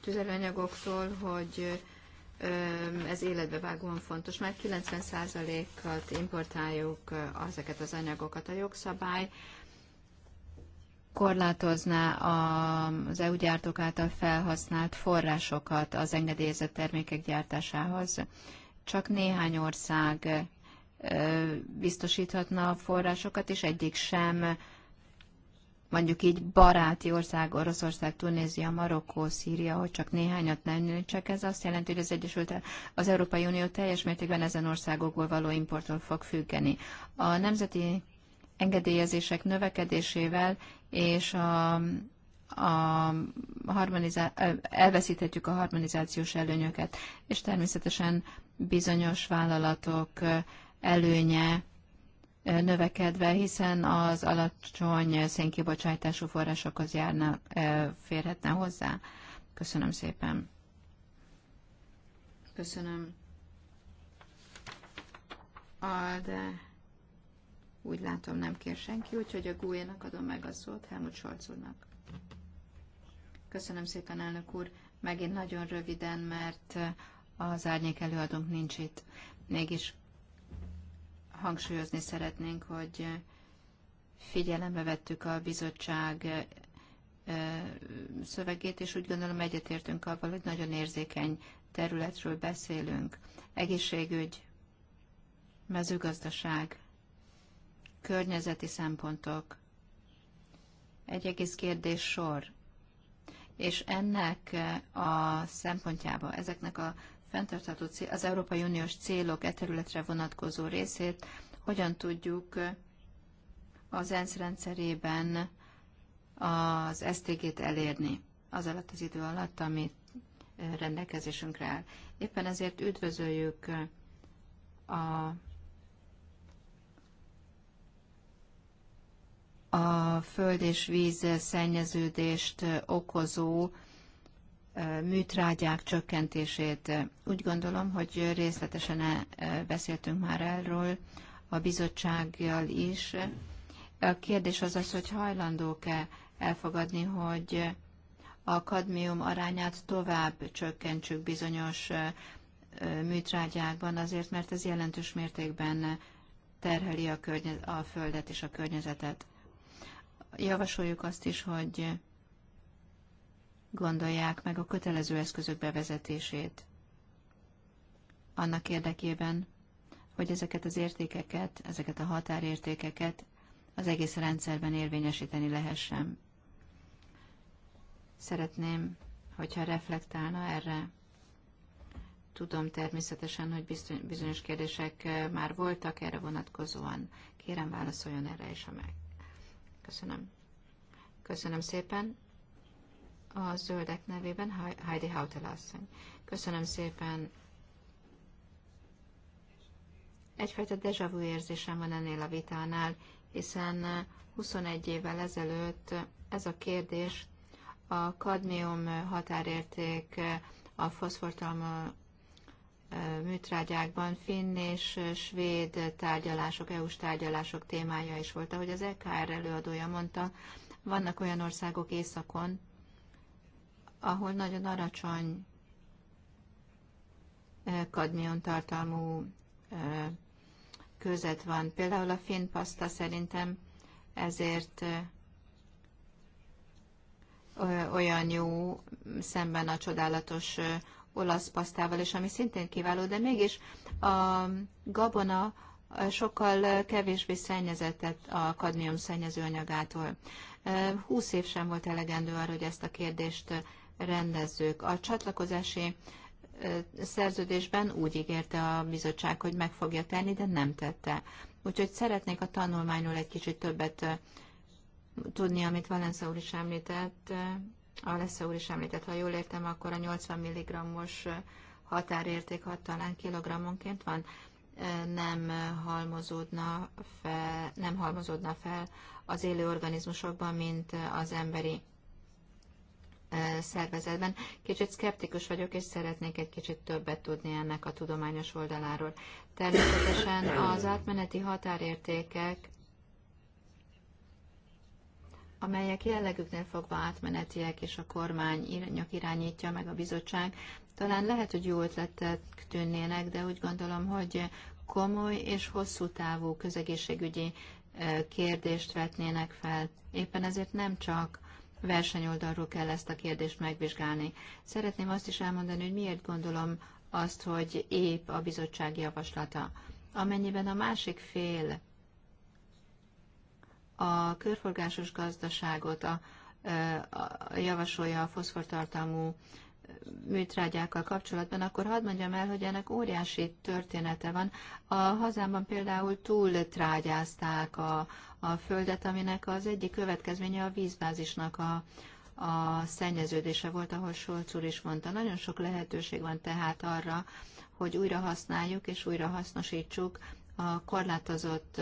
tüzelőanyagoktól, hogy ez életbe vágóan fontos. mert 90%-at importáljuk ezeket az anyagokat. A jogszabály korlátozná az EU gyártók által felhasznált forrásokat az engedélyezett termékek gyártásához. Csak néhány ország biztosíthatna a forrásokat, és egyik sem mondjuk így baráti ország, Oroszország, Tunézia, Marokkó, Szíria, hogy csak néhányat nem csak ez azt jelenti, hogy az Egyesült az Európai Unió teljes mértékben ezen országokból való importtól fog függeni. A nemzeti engedélyezések növekedésével és a, a harmonizá- elveszíthetjük a harmonizációs előnyöket, és természetesen bizonyos vállalatok előnye növekedve, hiszen az alacsony szénkibocsátású forrásokhoz járna, férhetne hozzá. Köszönöm szépen. Köszönöm. A, de úgy látom nem kér senki, úgyhogy a Gújénak adom meg a szót Helmut Scholz úrnak. Köszönöm szépen, elnök úr. Megint nagyon röviden, mert az árnyék előadónk nincs itt. Mégis hangsúlyozni szeretnénk, hogy figyelembe vettük a bizottság szövegét, és úgy gondolom egyetértünk abban, hogy nagyon érzékeny területről beszélünk. Egészségügy, mezőgazdaság, környezeti szempontok, egy egész kérdés sor. És ennek a szempontjába, ezeknek a fenntartható cél, az Európai Uniós célok e területre vonatkozó részét hogyan tudjuk az ENSZ rendszerében az STG-t elérni az alatt az idő alatt, amit rendelkezésünkre áll. Éppen ezért üdvözöljük a, a föld és víz szennyeződést okozó műtrágyák csökkentését. Úgy gondolom, hogy részletesen beszéltünk már erről a bizottsággal is. A kérdés az az, hogy hajlandók-e elfogadni, hogy a kadmium arányát tovább csökkentsük bizonyos műtrágyákban, azért mert ez jelentős mértékben terheli a, a földet és a környezetet. Javasoljuk azt is, hogy gondolják meg a kötelező eszközök bevezetését. Annak érdekében, hogy ezeket az értékeket, ezeket a határértékeket az egész rendszerben érvényesíteni lehessen. Szeretném, hogyha reflektálna erre. Tudom természetesen, hogy bizonyos kérdések már voltak erre vonatkozóan. Kérem, válaszoljon erre is, ha meg. Köszönöm. Köszönöm szépen a zöldek nevében Heidi Hautelasszony. Köszönöm szépen. Egyfajta deja vu érzésem van ennél a vitánál, hiszen 21 eh, évvel ezelőtt ez a kérdés a kadmium határérték eh, a foszfortalma eh, műtrágyákban finn és svéd tárgyalások, EU-s tárgyalások témája is volt. Ahogy az EKR előadója mondta, vannak olyan országok északon, ahol nagyon alacsony eh, kadmion tartalmú eh, között van. Például a finn paszta szerintem ezért eh, olyan jó szemben a csodálatos olasz pasztával, és ami szintén kiváló, de mégis a gabona sokkal kevésbé szennyezett a kadmium szennyező anyagától. Húsz év sem volt elegendő arra, hogy ezt a kérdést rendezők A csatlakozási szerződésben úgy ígérte a bizottság, hogy meg fogja tenni, de nem tette. Úgyhogy szeretnék a tanulmányról egy kicsit többet tudni, amit Valensza úr is említett, a Lesza úr is említett, ha jól értem, akkor a 80 mg-os határérték 6 talán kilogrammonként van, nem halmozódna fel, nem halmozódna fel az élő organizmusokban, mint az emberi szervezetben. Kicsit szkeptikus vagyok, és szeretnék egy kicsit többet tudni ennek a tudományos oldaláról. Természetesen az átmeneti határértékek amelyek jellegüknél fogva átmenetiek, és a kormány irányítja meg a bizottság, talán lehet, hogy jó ötletek tűnnének, de úgy gondolom, hogy komoly és hosszú távú közegészségügyi kérdést vetnének fel. Éppen ezért nem csak versenyoldalról kell ezt a kérdést megvizsgálni. Szeretném azt is elmondani, hogy miért gondolom azt, hogy épp a bizottság javaslata. Amennyiben a másik fél a körforgásos gazdaságot a, a, a javasolja a foszfortartalmú műtrágyákkal kapcsolatban, akkor hadd mondjam el, hogy ennek óriási története van. A hazámban például túl trágyázták a, a földet, aminek az egyik következménye a vízbázisnak a, a szennyeződése volt, ahol Solc úr is mondta. Nagyon sok lehetőség van tehát arra, hogy újra használjuk és újra hasznosítsuk a korlátozott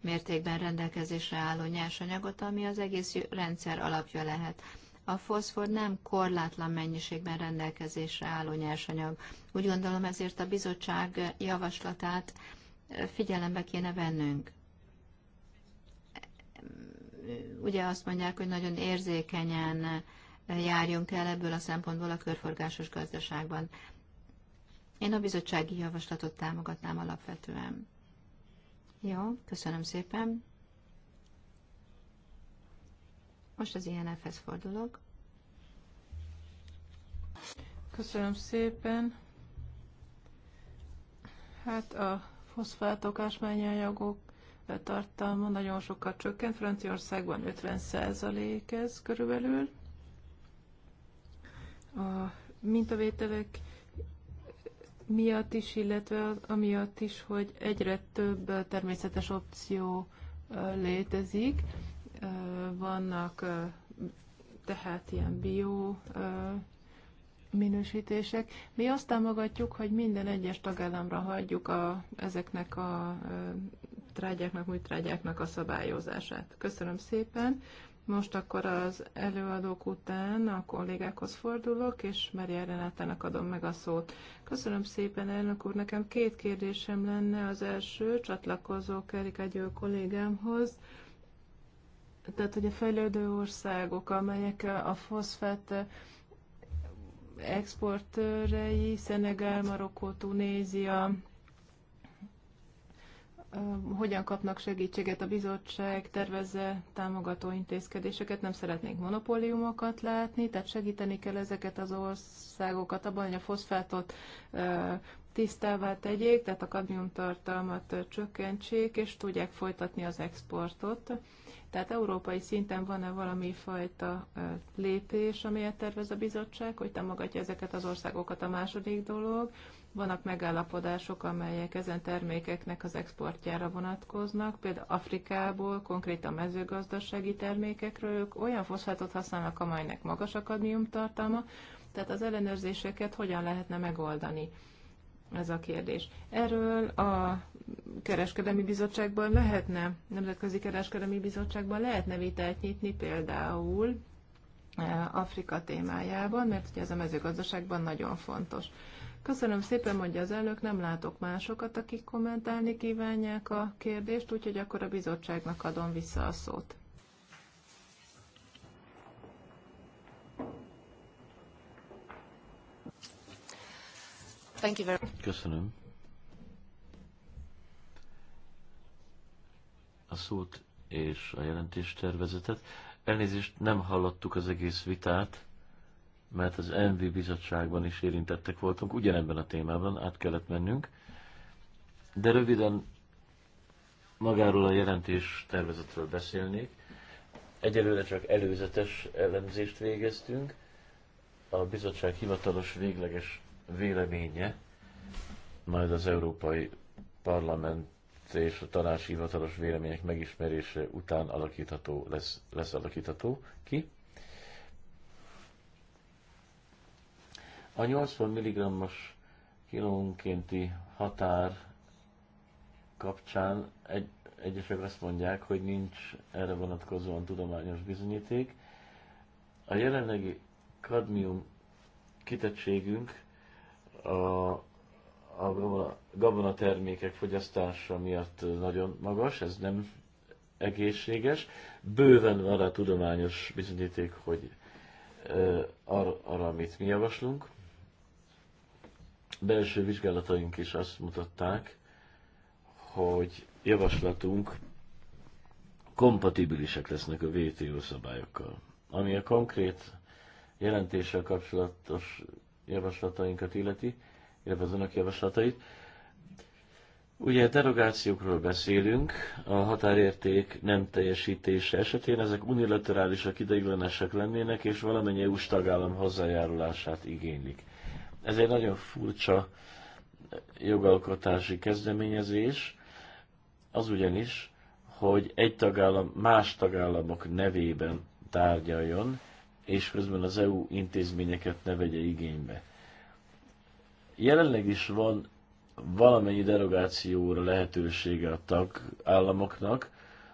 mértékben rendelkezésre álló nyersanyagot, ami az egész rendszer alapja lehet. A foszfor nem korlátlan mennyiségben rendelkezésre álló nyersanyag. Úgy gondolom ezért a bizottság javaslatát figyelembe kéne vennünk. Ugye azt mondják, hogy nagyon érzékenyen járjunk el ebből a szempontból a körforgásos gazdaságban. Én a bizottsági javaslatot támogatnám alapvetően. Jó, köszönöm szépen. Most az INF-hez e fordulok. Köszönöm szépen. Hát a foszfátok, ásványanyagok tartalma nagyon sokat csökkent. Franciaországban 50 ez körülbelül. A mintavételek miatt is, illetve amiatt is, hogy egyre több természetes opció létezik vannak tehát ilyen bio minősítések. Mi azt támogatjuk, hogy minden egyes tagállamra hagyjuk a, ezeknek a trágyáknak, műtrágyáknak a szabályozását. Köszönöm szépen. Most akkor az előadók után a kollégákhoz fordulok, és Maria Renátának adom meg a szót. Köszönöm szépen, elnök úr. Nekem két kérdésem lenne. Az első csatlakozó Erika Győ kollégámhoz. Tehát, hogy a fejlődő országok, amelyek a foszfát exportőrei, Szenegál, Marokkó, Tunézia, hogyan kapnak segítséget a bizottság, tervezze támogató intézkedéseket, nem szeretnénk monopóliumokat látni, tehát segíteni kell ezeket az országokat abban, hogy a foszfátot tisztává tegyék, tehát a kadmium tartalmat csökkentsék, és tudják folytatni az exportot. Tehát európai szinten van-e valami fajta lépés, amelyet tervez a bizottság, hogy támogatja ezeket az országokat a második dolog? Vannak megállapodások, amelyek ezen termékeknek az exportjára vonatkoznak, például Afrikából, konkrét a mezőgazdasági termékekről, ők olyan foszfátot használnak, amelynek magas a kadmium tartalma, tehát az ellenőrzéseket hogyan lehetne megoldani? ez a kérdés. Erről a kereskedelmi bizottságban lehetne, nemzetközi kereskedelmi bizottságban lehetne vitát nyitni például eh, Afrika témájában, mert ugye ez a mezőgazdaságban nagyon fontos. Köszönöm szépen, mondja az elnök, nem látok másokat, akik kommentálni kívánják a kérdést, úgyhogy akkor a bizottságnak adom vissza a szót. Thank you very much. Köszönöm. A szót és a tervezetet. Elnézést, nem hallottuk az egész vitát, mert az MV bizottságban is érintettek voltunk, ugyanebben a témában át kellett mennünk. De röviden magáról a jelentés tervezetről beszélnék. Egyelőre csak előzetes elemzést végeztünk. A bizottság hivatalos végleges véleménye majd az Európai Parlament és a tanács hivatalos vélemények megismerése után alakítható lesz, lesz alakítható ki. A 80 mg-os kilónkénti határ kapcsán egy, egyesek azt mondják, hogy nincs erre vonatkozóan tudományos bizonyíték. A jelenlegi kadmium kitettségünk a, a gabona, gabonatermékek fogyasztása miatt nagyon magas, ez nem egészséges. Bőven van rá tudományos bizonyíték, hogy ar, arra, amit mi javaslunk. Belső vizsgálataink is azt mutatták, hogy javaslatunk kompatibilisek lesznek a WTO szabályokkal. Ami a konkrét jelentéssel kapcsolatos javaslatainkat illeti, illetve az önök javaslatait. Ugye derogációkról beszélünk, a határérték nem teljesítése esetén ezek unilaterálisak, ideiglenesek lennének, és valamennyi EU-s tagállam hozzájárulását igénylik. Ez egy nagyon furcsa jogalkotási kezdeményezés, az ugyanis, hogy egy tagállam más tagállamok nevében tárgyaljon, és közben az EU intézményeket ne vegye igénybe. Jelenleg is van valamennyi derogációra lehetősége a tagállamoknak,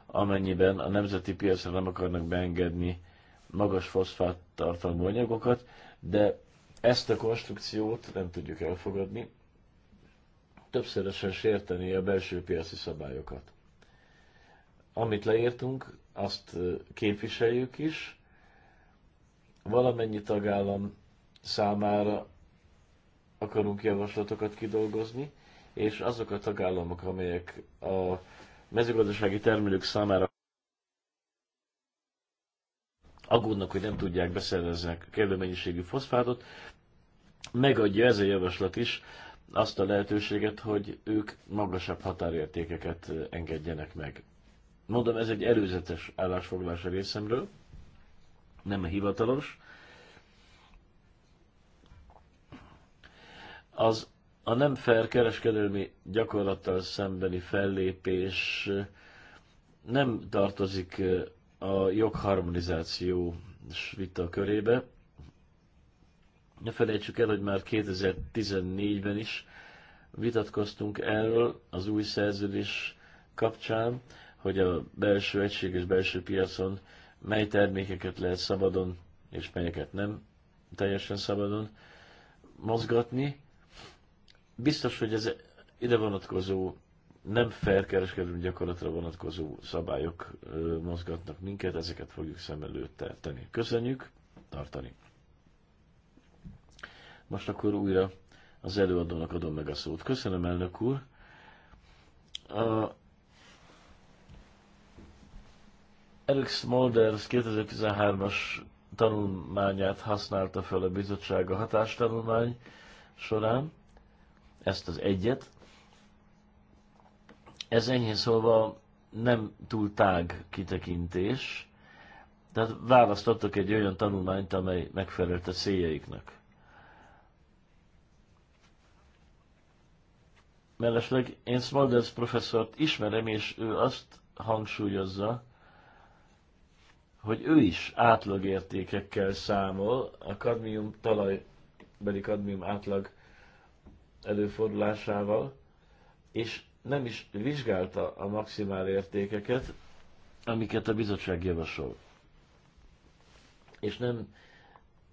amennyiben a nemzeti piacra nem akarnak beengedni magas foszfát tartalmú anyagokat, de ezt a konstrukciót nem tudjuk elfogadni, többszörösen sérteni a belső piaci szabályokat. Amit leírtunk, azt képviseljük is, valamennyi tagállam számára akarunk javaslatokat kidolgozni, és azok a tagállamok, amelyek a mezőgazdasági termelők számára aggódnak, hogy nem tudják beszerezni kellő mennyiségű foszfátot, megadja ez a javaslat is azt a lehetőséget, hogy ők magasabb határértékeket engedjenek meg. Mondom, ez egy előzetes állásfoglalás a részemről, nem hivatalos. Az a nem fair kereskedelmi gyakorlattal szembeni fellépés nem tartozik eh, a jogharmonizáció vita körébe. Ne felejtsük el, hogy már 2014-ben is vitatkoztunk erről az új szerződés kapcsán, hogy a belső egység és belső piacon mely termékeket lehet szabadon, és melyeket nem teljesen szabadon mozgatni. Biztos, hogy ez ide vonatkozó, nem fair kereskedelmi gyakorlatra vonatkozó szabályok mozgatnak minket, ezeket fogjuk szem előtt tartani. Köszönjük, tartani. Most akkor újra az előadónak adom meg a szót. Köszönöm, elnök úr. A Eric Molders 2013-as tanulmányát használta fel a bizottság a hatástanulmány során, ezt az egyet. Ez enyhén szólva nem túl tág kitekintés, tehát választottak egy olyan tanulmányt, amely megfelelt a céljaiknak. Mellesleg én Smulders professzort ismerem, és ő azt hangsúlyozza, hogy ő is átlagértékekkel számol, a kadmium talajbeli kadmium átlag előfordulásával, és nem is vizsgálta a maximál értékeket, amiket a bizottság javasol. És nem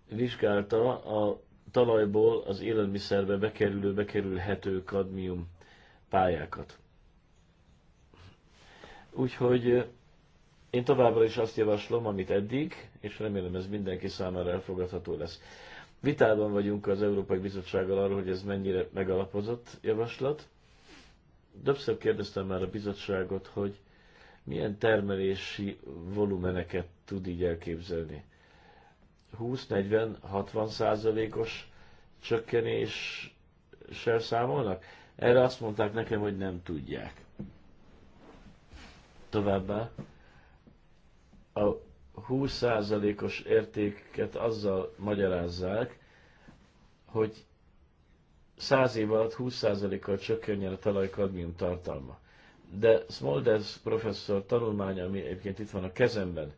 vizsgálta a talajból az élelmiszerbe bekerülő, bekerülhető kadmium pályákat. Úgyhogy én továbbra is azt javaslom, amit eddig, és remélem ez mindenki számára elfogadható lesz. Vitában vagyunk az Európai Bizottsággal arról, hogy ez mennyire megalapozott javaslat. Többször kérdeztem már a bizottságot, hogy milyen termelési volumeneket tud így elképzelni. 20-40-60 százalékos csökkenéssel számolnak? Erre azt mondták nekem, hogy nem tudják. Továbbá a 20%-os értéket azzal magyarázzák, hogy 100 év alatt 20%-kal csökkenjen a talaj kadmium tartalma. De Smolders professzor tanulmánya, ami egyébként itt van a kezemben,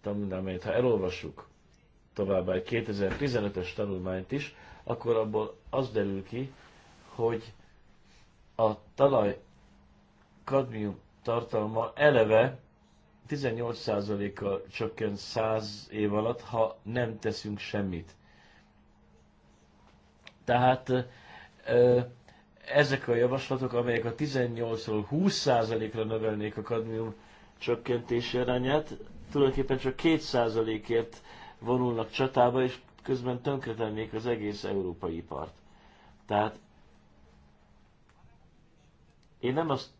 tanulmányt, ha elolvassuk továbbá egy 2015-ös tanulmányt is, akkor abból az derül ki, hogy a talaj kadmium tartalma eleve 18%-kal csökken 100 év alatt, ha nem teszünk semmit. Tehát ezek a javaslatok, amelyek a 18-ról 20%-ra növelnék a kadmium csökkentési arányát, tulajdonképpen csak 2%-ért vonulnak csatába, és közben tönkretennék az egész európai ipart. Tehát én nem azt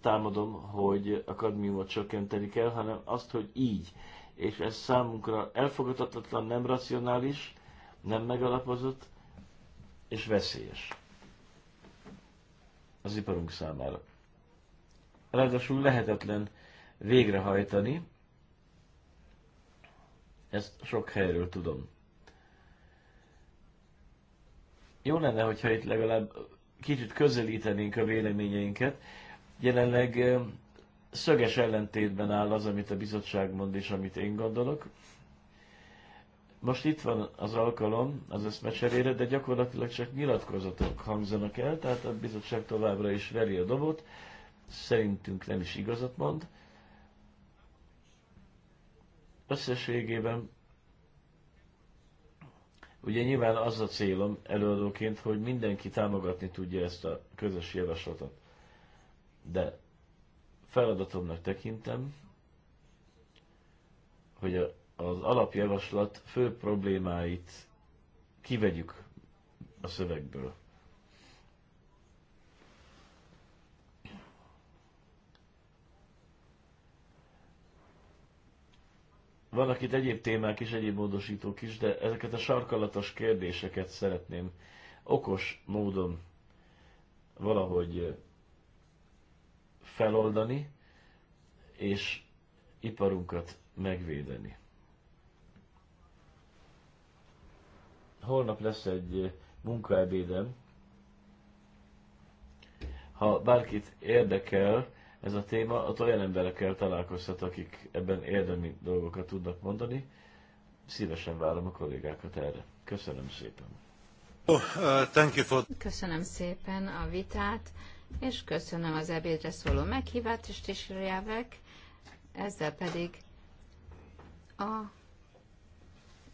támadom, hogy a kadmiumot csökkenteni kell, hanem azt, hogy így. És ez számunkra elfogadhatatlan, nem racionális, nem megalapozott, és veszélyes. Az iparunk számára. Ráadásul lehetetlen végrehajtani, ezt sok helyről tudom. Jó lenne, hogyha itt legalább kicsit közelítenénk a véleményeinket. Jelenleg szöges ellentétben áll az, amit a bizottság mond és amit én gondolok. Most itt van az alkalom az eszmecserére, de gyakorlatilag csak nyilatkozatok hangzanak el, tehát a bizottság továbbra is veri a dobot, szerintünk nem is igazat mond. Összességében Ugye nyilván az a célom előadóként, hogy mindenki támogatni tudja ezt a közös javaslatot. De feladatomnak tekintem, hogy az alapjavaslat fő problémáit kivegyük a szövegből. Vannak itt egyéb témák is, egyéb módosítók is, de ezeket a sarkalatos kérdéseket szeretném okos módon valahogy feloldani, és iparunkat megvédeni. Holnap lesz egy munkaebédem. Ha bárkit érdekel, ez a téma, ott olyan emberekkel találkozhat, akik ebben érdemi dolgokat tudnak mondani. Szívesen várom a kollégákat erre. Köszönöm szépen. Oh, uh, köszönöm szépen a vitát, és köszönöm az ebédre szóló meghívást is, Tisirjávek. Ezzel pedig a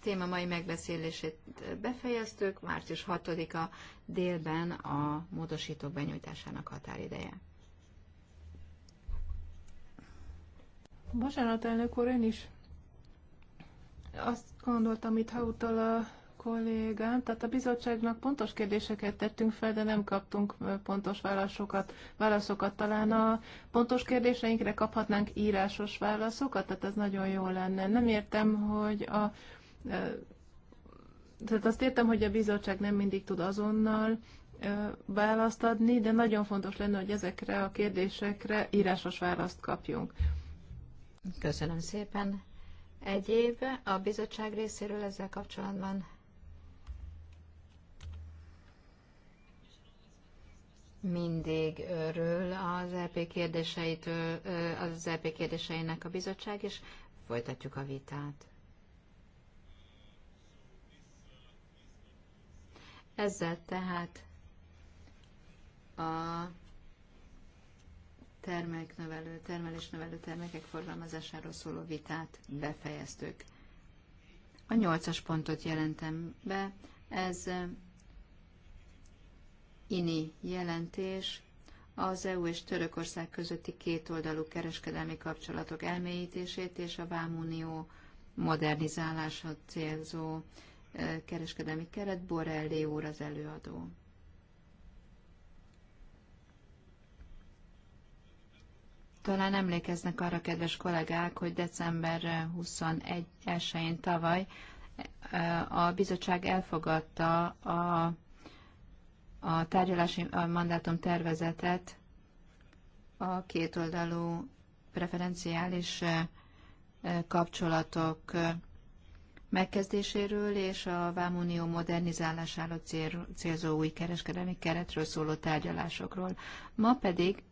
téma mai megbeszélését befejeztük. Március 6-a délben a módosítók benyújtásának határideje. Bocsánat, elnök úr, én is azt gondoltam amit ha utal a kollégám, tehát a bizottságnak pontos kérdéseket tettünk fel, de nem kaptunk pontos válaszokat. válaszokat. Talán a pontos kérdéseinkre kaphatnánk írásos válaszokat, tehát ez nagyon jó lenne. Nem értem, hogy a tehát azt értem, hogy a bizottság nem mindig tud azonnal választ adni, de nagyon fontos lenne, hogy ezekre a kérdésekre írásos választ kapjunk. Köszönöm szépen. Egyéb a bizottság részéről ezzel kapcsolatban? Mindig örül az EP, kérdéseitől, az EP kérdéseinek a bizottság, és folytatjuk a vitát. Ezzel tehát a terméknövelő, termelésnövelő termékek forgalmazásáról szóló vitát befejeztük. A nyolcas pontot jelentem be, ez eh, INI jelentés, az EU és Törökország közötti kétoldalú kereskedelmi kapcsolatok elmélyítését és a Vámunió modernizálását célzó eh, kereskedelmi keret, Borelli úr az előadó. Talán emlékeznek arra, kedves kollégák, hogy december 21-én tavaly eh, a bizottság elfogadta a, a tárgyalási mandátum tervezetet a kétoldalú preferenciális eh, eh, kapcsolatok megkezdéséről és a Vámunió modernizálására cél, célzó új kereskedelmi keretről szóló tárgyalásokról. Ma pedig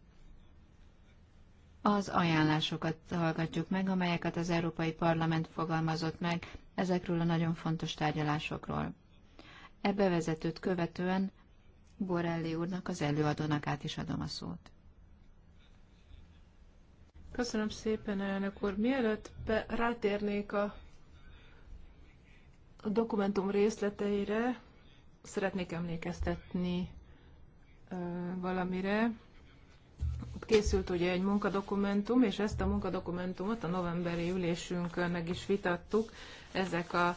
az ajánlásokat hallgatjuk meg, amelyeket az Európai Parlament fogalmazott meg ezekről a nagyon fontos tárgyalásokról. E bevezetőt követően Borelli úrnak, az előadónak át is adom a szót. Köszönöm szépen, elnök úr. Mielőtt be, rátérnék a, a dokumentum részleteire, szeretnék emlékeztetni ö, valamire készült ugye egy munkadokumentum, és ezt a munkadokumentumot a novemberi ülésünkön meg is vitattuk. Ezek a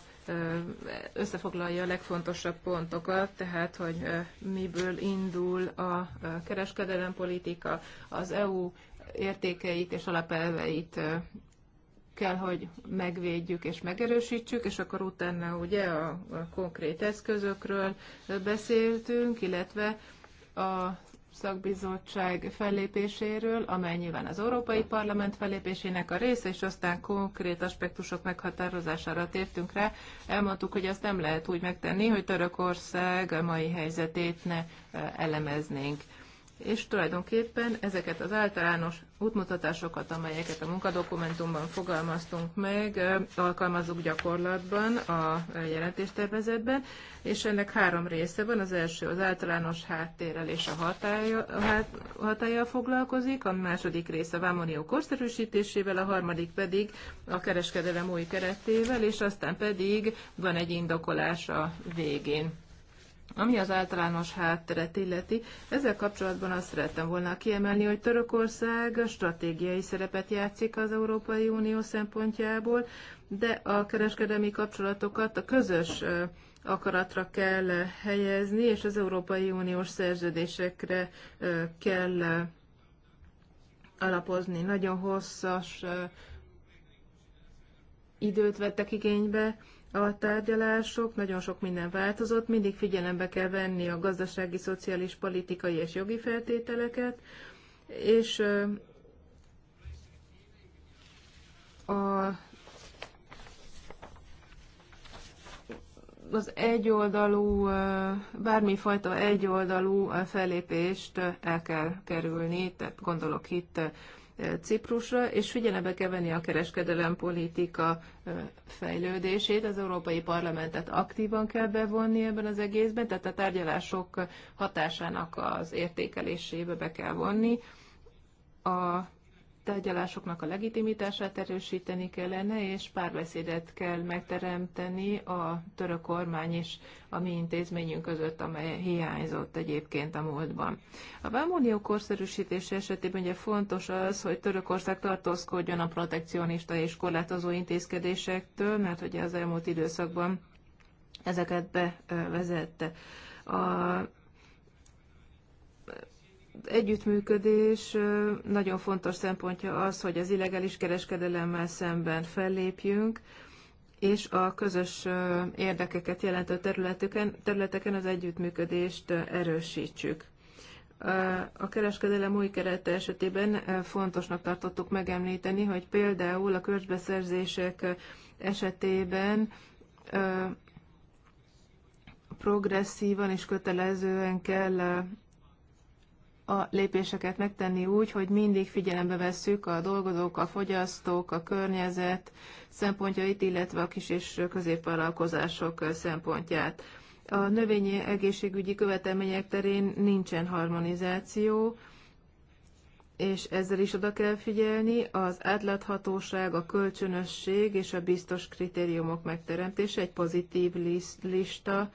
összefoglalja a legfontosabb pontokat, tehát hogy miből indul a kereskedelempolitika, az EU értékeit és alapelveit kell, hogy megvédjük és megerősítsük, és akkor utána ugye a konkrét eszközökről beszéltünk, illetve a szakbizottság fellépéséről, amely nyilván az Európai Parlament fellépésének a része, és aztán konkrét aspektusok meghatározására tértünk rá. Elmondtuk, hogy azt nem lehet úgy megtenni, hogy Törökország a mai helyzetét ne elemeznénk és tulajdonképpen ezeket az általános útmutatásokat, amelyeket a munkadokumentumban fogalmaztunk meg, alkalmazzuk gyakorlatban a jelentéstervezetben, és ennek három része van. Az első az általános háttérrel és a hatája, hát, hatája foglalkozik, a második része a vámonió korszerűsítésével, a harmadik pedig a kereskedelem új keretével, és aztán pedig van egy indokolás a végén. Ami az általános hátteret illeti, ezzel kapcsolatban azt szerettem volna kiemelni, hogy Törökország stratégiai szerepet játszik az Európai Unió szempontjából, de a kereskedelmi kapcsolatokat a közös akaratra kell helyezni, és az Európai Uniós szerződésekre kell alapozni. Nagyon hosszas időt vettek igénybe a tárgyalások, nagyon sok minden változott, mindig figyelembe kell venni a gazdasági, szociális, politikai és jogi feltételeket, és a, az egyoldalú, bármifajta egyoldalú fellépést el kell kerülni, tehát gondolok itt Ciprusra, és figyelembe kell venni a kereskedelem politika fejlődését. Az Európai Parlamentet aktívan kell bevonni ebben az egészben, tehát a tárgyalások hatásának az értékelésébe be kell vonni. A tárgyalásoknak a legitimitását erősíteni kellene, és párbeszédet kell megteremteni a török kormány és a mi intézményünk között, amely hiányzott egyébként a múltban. A vámunió korszerűsítése esetében ugye fontos az, hogy Törökország tartózkodjon a protekcionista és korlátozó intézkedésektől, mert ugye az elmúlt időszakban ezeket bevezette. A együttműködés nagyon fontos szempontja az, hogy az illegális kereskedelemmel szemben fellépjünk, és a közös érdekeket jelentő területeken, területeken az együttműködést erősítsük. A kereskedelem új kerete esetében fontosnak tartottuk megemlíteni, hogy például a közbeszerzések esetében progresszívan és kötelezően kell a lépéseket megtenni úgy, hogy mindig figyelembe vesszük a dolgozók, a fogyasztók, a környezet szempontjait, illetve a kis és középvállalkozások szempontját. A növényi egészségügyi követelmények terén nincsen harmonizáció, és ezzel is oda kell figyelni, az átláthatóság, a kölcsönösség és a biztos kritériumok megteremtése, egy pozitív list, lista,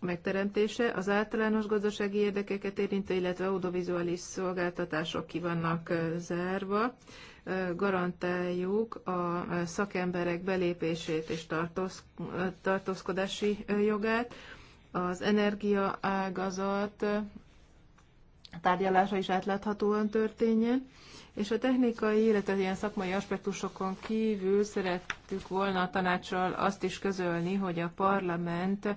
megteremtése, az általános gazdasági érdekeket érintő, illetve audiovizuális szolgáltatások ki vannak zárva. Garantáljuk a szakemberek belépését és tartóz, tartózkodási jogát. Az energia ágazat tárgyalása is átláthatóan történjen. És a technikai, illetve ilyen szakmai aspektusokon kívül szerettük volna a tanácssal azt is közölni, hogy a parlament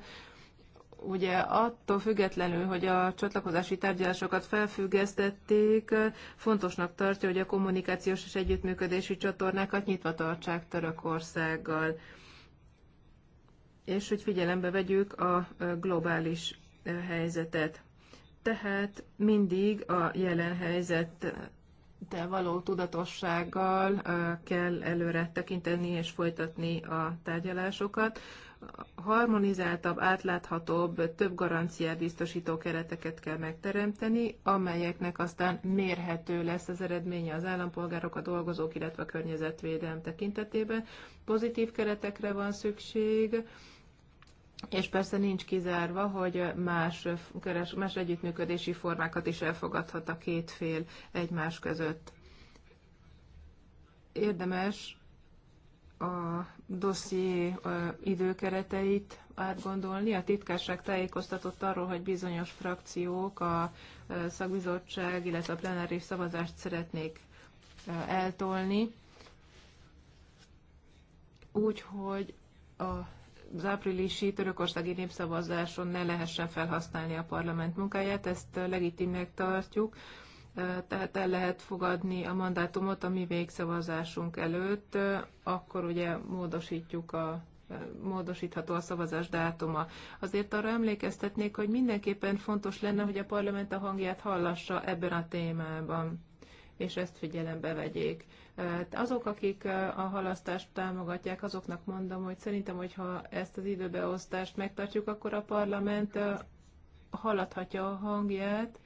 ugye attól függetlenül, hogy a csatlakozási tárgyalásokat felfüggesztették, fontosnak tartja, hogy a kommunikációs és együttműködési csatornákat nyitva tartsák Törökországgal, és hogy figyelembe vegyük a globális helyzetet. Tehát mindig a jelen helyzettel való tudatossággal kell előre tekinteni és folytatni a tárgyalásokat harmonizáltabb, átláthatóbb, több garanciát biztosító kereteket kell megteremteni, amelyeknek aztán mérhető lesz az eredménye az állampolgárok, a dolgozók, illetve a környezetvédelem tekintetében. Pozitív keretekre van szükség, és persze nincs kizárva, hogy más, keres, más együttműködési formákat is elfogadhat a két fél egymás között. Érdemes a dosszié időkereteit átgondolni. A titkárság tájékoztatott arról, hogy bizonyos frakciók a szakbizottság, illetve a plenáris szavazást szeretnék eltolni. Úgyhogy a az áprilisi törökországi népszavazáson ne lehessen felhasználni a parlament munkáját, ezt legitimnek tartjuk tehát el lehet fogadni a mandátumot a mi végszavazásunk előtt, akkor ugye módosítjuk a módosítható a szavazás dátuma. Azért arra emlékeztetnék, hogy mindenképpen fontos lenne, hogy a parlament a hangját hallassa ebben a témában, és ezt figyelembe vegyék. Hát azok, akik a halasztást támogatják, azoknak mondom, hogy szerintem, hogyha ezt az időbeosztást megtartjuk, akkor a parlament hallathatja a hangját,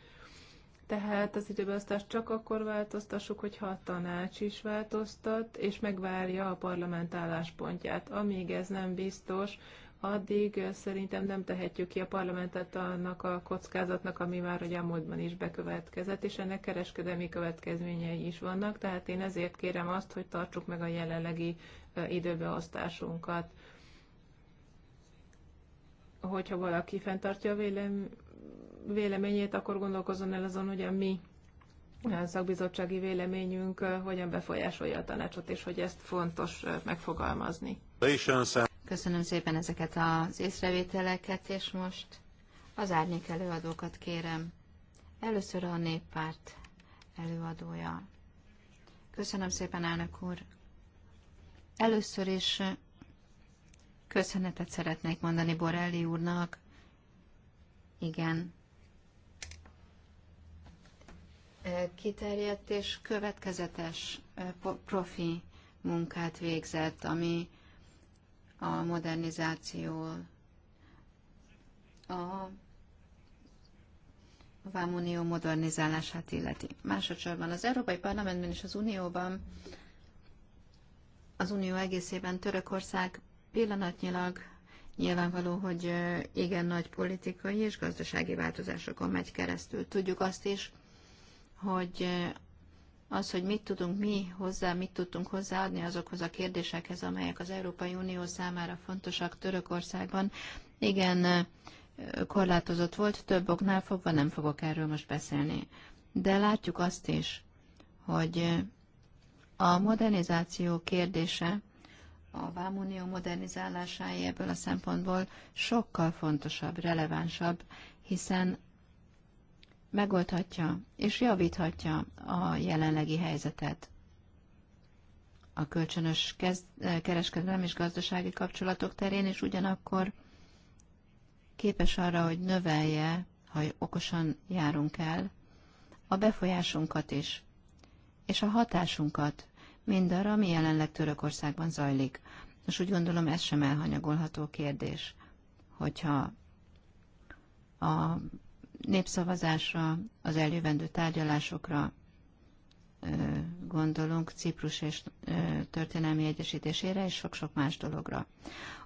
tehát az időbeosztást csak akkor változtassuk, hogyha a tanács is változtat, és megvárja a parlament álláspontját. Amíg ez nem biztos, addig szerintem nem tehetjük ki a parlamentet annak a kockázatnak, ami már ugye a múltban is bekövetkezett, és ennek kereskedelmi következményei is vannak, tehát én ezért kérem azt, hogy tartsuk meg a jelenlegi időbeosztásunkat. Hogyha valaki fenntartja a vélem, véleményét, akkor gondolkozzon el azon, hogy a mi szakbizottsági véleményünk hogyan befolyásolja a tanácsot, és hogy ezt fontos megfogalmazni. Köszönöm szépen ezeket az észrevételeket, és most az árnyék előadókat kérem. Először a néppárt előadója. Köszönöm szépen, elnök úr. Először is köszönetet szeretnék mondani Borelli úrnak. Igen, kiterjedt és következetes profi munkát végzett, ami a modernizáció, a Vámunió modernizálását illeti. Másodszorban az Európai Parlamentben és az Unióban, az Unió egészében Törökország pillanatnyilag nyilvánvaló, hogy igen nagy politikai és gazdasági változásokon megy keresztül. Tudjuk azt is, hogy az, hogy mit tudunk mi hozzá, mit tudtunk hozzáadni azokhoz a kérdésekhez, amelyek az Európai Unió számára fontosak Törökországban, igen, korlátozott volt, több oknál fogva nem fogok erről most beszélni. De látjuk azt is, hogy a modernizáció kérdése, a Vámunió modernizálásáé ebből a szempontból sokkal fontosabb, relevánsabb, hiszen megoldhatja és javíthatja a jelenlegi helyzetet. A kölcsönös kereskedelem és gazdasági kapcsolatok terén is ugyanakkor képes arra, hogy növelje, ha okosan járunk el, a befolyásunkat is, és a hatásunkat mindarra, ami jelenleg Törökországban zajlik. Most úgy gondolom, ez sem elhanyagolható kérdés, hogyha a népszavazásra, az eljövendő tárgyalásokra gondolunk, Ciprus és történelmi egyesítésére, és sok-sok más dologra.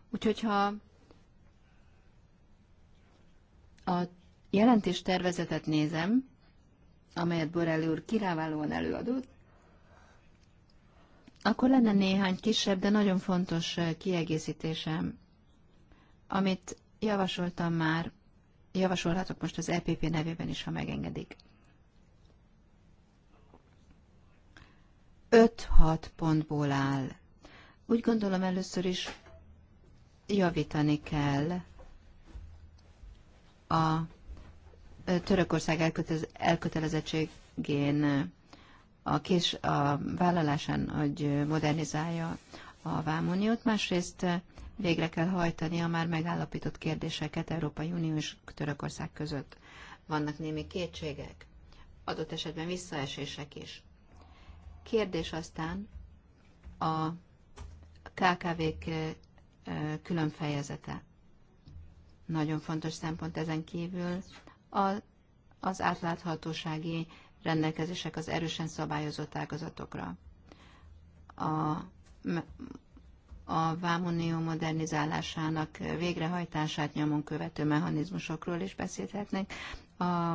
Úgyhogy ha a jelentés tervezetet nézem, amelyet Borelli úr kiráválóan előadott, akkor lenne néhány kisebb, de nagyon fontos kiegészítésem, amit javasoltam már javasolhatok most az EPP nevében is, ha megengedik. 5-6 pontból áll. Úgy gondolom először is javítani kell a Törökország elkötelezettségén, a, kés, a vállalásán, hogy modernizálja a vámuniót, másrészt végre kell hajtani a már megállapított kérdéseket Európai Unió és Törökország között. Vannak némi kétségek, adott esetben visszaesések is. Kérdés aztán a KKV-k külön fejezete. Nagyon fontos szempont ezen kívül a, az átláthatósági rendelkezések az erősen szabályozott ágazatokra. A a Vámonió modernizálásának végrehajtását nyomon követő mechanizmusokról is beszélhetnénk, a,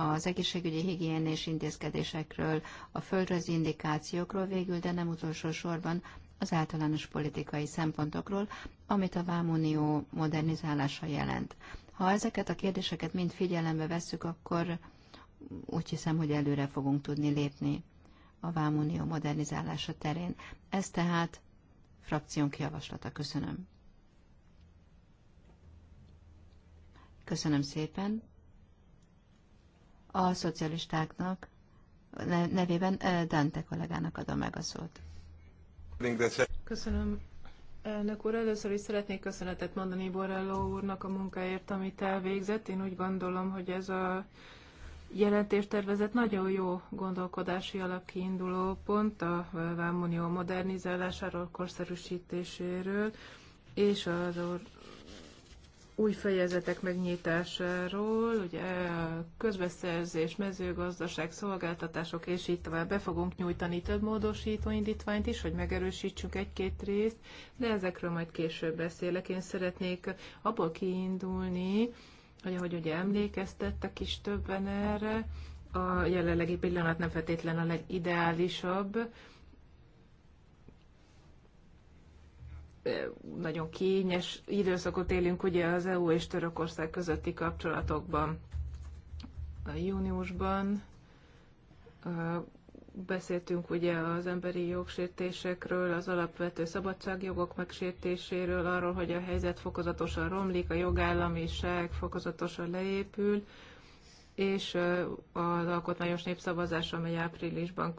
az egészségügyi higiénés intézkedésekről, a földrajzi indikációkról végül, de nem utolsó sorban az általános politikai szempontokról, amit a Vámunió modernizálása jelent. Ha ezeket a kérdéseket mind figyelembe vesszük, akkor úgy hiszem, hogy előre fogunk tudni lépni a Vámunió modernizálása terén. Ez tehát frakciónk javaslata. Köszönöm. Köszönöm szépen. A szocialistáknak nevében eh, Dante kollégának adom meg a szót. Köszönöm. Elnök úr, először is szeretnék köszönetet mondani Borrello úrnak a munkáért, amit elvégzett. Én úgy gondolom, hogy ez a jelentéstervezet nagyon jó gondolkodási alapkiinduló pont a Vámunió modernizálásáról, korszerűsítéséről és az új fejezetek megnyitásáról, ugye közbeszerzés, mezőgazdaság, szolgáltatások, és így tovább be fogunk nyújtani több módosító indítványt is, hogy megerősítsünk egy-két részt, de ezekről majd később beszélek. Én szeretnék abból kiindulni, hogy ahogy ugye emlékeztettek is többen erre, a jelenlegi pillanat nem feltétlen a legideálisabb, nagyon kényes időszakot élünk ugye az EU és Törökország közötti kapcsolatokban. A júniusban Beszéltünk ugye az emberi jogsértésekről, az alapvető szabadságjogok megsértéséről, arról, hogy a helyzet fokozatosan romlik, a jogállamiság fokozatosan leépül, és az alkotmányos népszavazás, amely áprilisban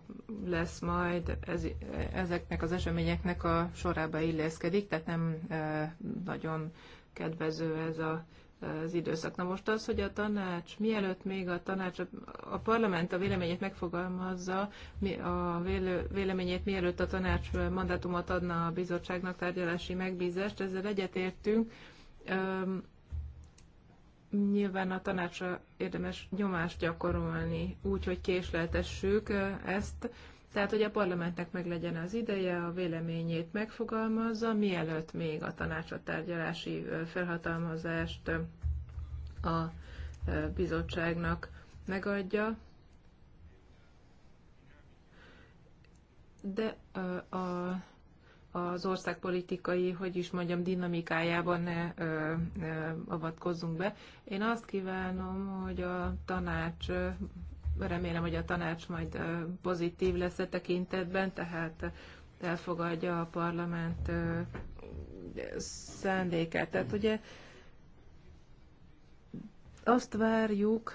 lesz majd, ez, ezeknek az eseményeknek a sorába illeszkedik, tehát nem nagyon kedvező ez a az időszak. Na most az, hogy a tanács, mielőtt még a tanács, a parlament a véleményét megfogalmazza, a véleményét mielőtt a tanács mandátumot adna a bizottságnak tárgyalási megbízást, ezzel egyetértünk. Nyilván a tanácsra érdemes nyomást gyakorolni, úgy, hogy késleltessük ezt, tehát, hogy a parlamentnek meg legyen az ideje, a véleményét megfogalmazza, mielőtt még a tanácsot tárgyalási felhatalmazást a bizottságnak megadja. De a, a az országpolitikai, hogy is mondjam, dinamikájában ne ne avatkozzunk be. Én azt kívánom, hogy a tanács remélem, hogy a tanács majd pozitív lesz a e tekintetben, tehát elfogadja a parlament szándékát. Tehát ugye azt várjuk,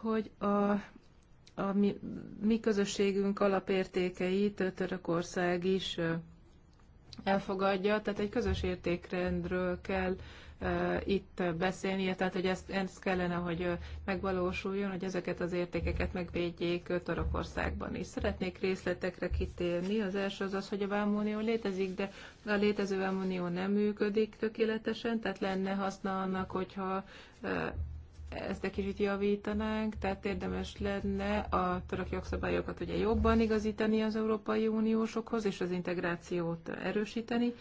hogy a, a mi, mi közösségünk alapértékeit Törökország is elfogadja, tehát egy közös értékrendről kell itt beszélni, tehát hogy ezt, ezt kellene, hogy megvalósuljon, hogy ezeket az értékeket megvédjék Törökországban is. Szeretnék részletekre kitérni. Az első az az, hogy a Vámunió létezik, de a létező Vámunió nem működik tökéletesen, tehát lenne haszna annak, hogyha ezt egy kicsit javítanánk, tehát érdemes lenne a török jogszabályokat ugye jobban igazítani az Európai Uniósokhoz, és az integrációt erősíteni.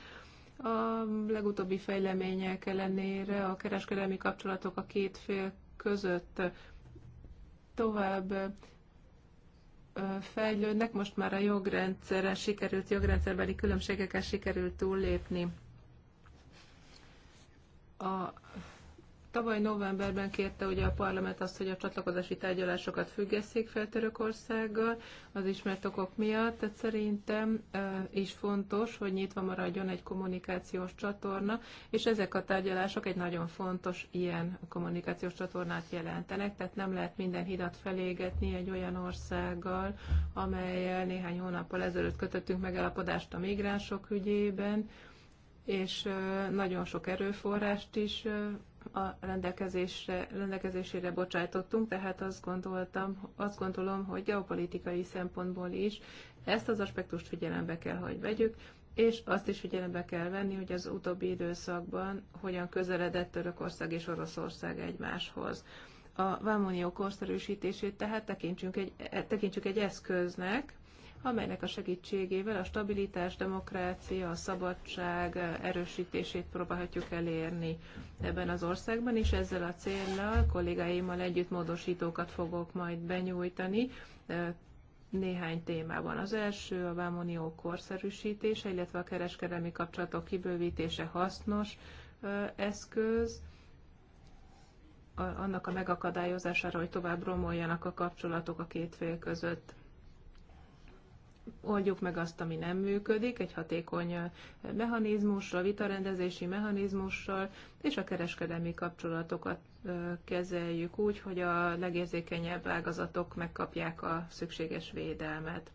A legutóbbi fejlemények ellenére a kereskedelmi kapcsolatok a két fél között tovább fejlődnek, most már a jogrendszeren sikerült, jogrendszerbeli különbségekkel sikerült túllépni. A Tavaly novemberben kérte ugye a parlament azt, hogy a csatlakozási tárgyalásokat függesszék fel Törökországgal az ismert okok miatt, tehát szerintem e, is fontos, hogy nyitva maradjon egy kommunikációs csatorna, és ezek a tárgyalások egy nagyon fontos ilyen kommunikációs csatornát jelentenek, tehát nem lehet minden hidat felégetni egy olyan országgal, amelyel néhány hónappal ezelőtt kötöttünk megállapodást a migránsok ügyében, és nagyon sok erőforrást is a rendelkezésre, rendelkezésére bocsájtottunk, tehát azt, gondoltam, azt gondolom, hogy geopolitikai szempontból is ezt az aspektust figyelembe kell, hogy vegyük, és azt is figyelembe kell venni, hogy az utóbbi időszakban hogyan közeledett Törökország és Oroszország egymáshoz. A Vámonió korszerűsítését tehát tekintsünk egy, tekintsük egy eszköznek, amelynek a segítségével a stabilitás, demokrácia, a szabadság erősítését próbálhatjuk elérni ebben az országban, és ezzel a céllal kollégáimmal együtt módosítókat fogok majd benyújtani néhány témában. Az első a Vámonió korszerűsítése, illetve a kereskedelmi kapcsolatok kibővítése hasznos eszköz, annak a megakadályozására, hogy tovább romoljanak a kapcsolatok a két fél között oldjuk meg azt, ami nem működik, egy hatékony mechanizmussal, vitarendezési mechanizmussal, és a kereskedelmi kapcsolatokat kezeljük úgy, hogy a legérzékenyebb ágazatok megkapják a szükséges védelmet.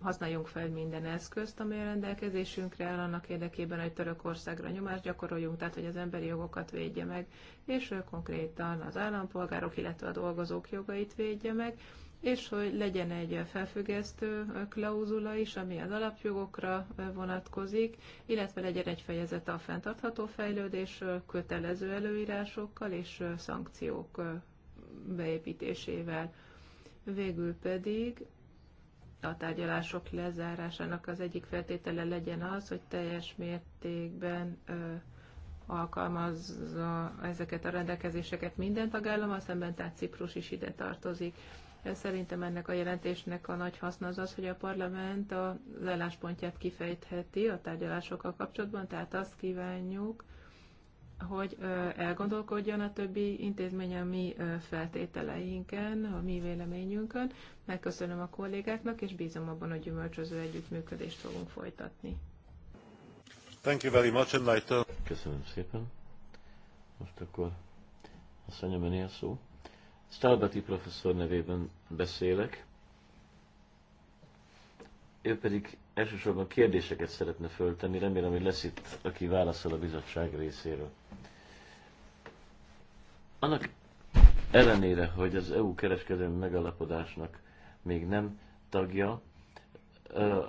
Használjunk fel minden eszközt, ami a rendelkezésünkre áll, annak érdekében, hogy Törökországra nyomást gyakoroljunk, tehát hogy az emberi jogokat védje meg, és konkrétan az állampolgárok, illetve a dolgozók jogait védje meg, és hogy legyen egy felfüggesztő klauzula is, ami az alapjogokra vonatkozik, illetve legyen egy fejezet a fenntartható fejlődés kötelező előírásokkal és szankciók beépítésével. Végül pedig a tárgyalások lezárásának az egyik feltétele legyen az, hogy teljes mértékben alkalmazza ezeket a rendelkezéseket minden tagállam, a szemben tehát Ciprus is ide tartozik. Szerintem ennek a jelentésnek a nagy haszna az az, hogy a parlament az álláspontját kifejtheti a tárgyalásokkal kapcsolatban, tehát azt kívánjuk, hogy elgondolkodjon a többi intézmény a mi feltételeinken, a mi véleményünkön. Megköszönöm a kollégáknak, és bízom abban, hogy gyümölcsöző együttműködést fogunk folytatni. Thank you very much, Köszönöm szépen. Most akkor asszonyom öné a szó. Stálbati professzor nevében beszélek. Ő pedig elsősorban kérdéseket szeretne föltenni, remélem, hogy lesz itt, aki válaszol a bizottság részéről. Annak ellenére, hogy az EU kereskedelmi megalapodásnak még nem tagja,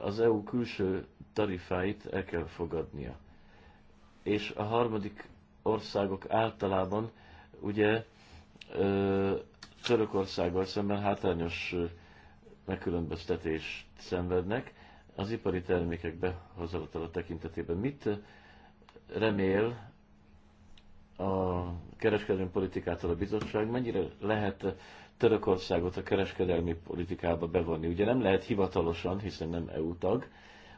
az EU külső tarifáit el kell fogadnia. És a harmadik országok általában ugye Törökországgal szemben hátrányos megkülönböztetést szenvednek az ipari termékek behozatala tekintetében. Mit remél a kereskedelmi politikától a bizottság, mennyire lehet Törökországot a kereskedelmi politikába bevonni? Ugye nem lehet hivatalosan, hiszen nem EU tag,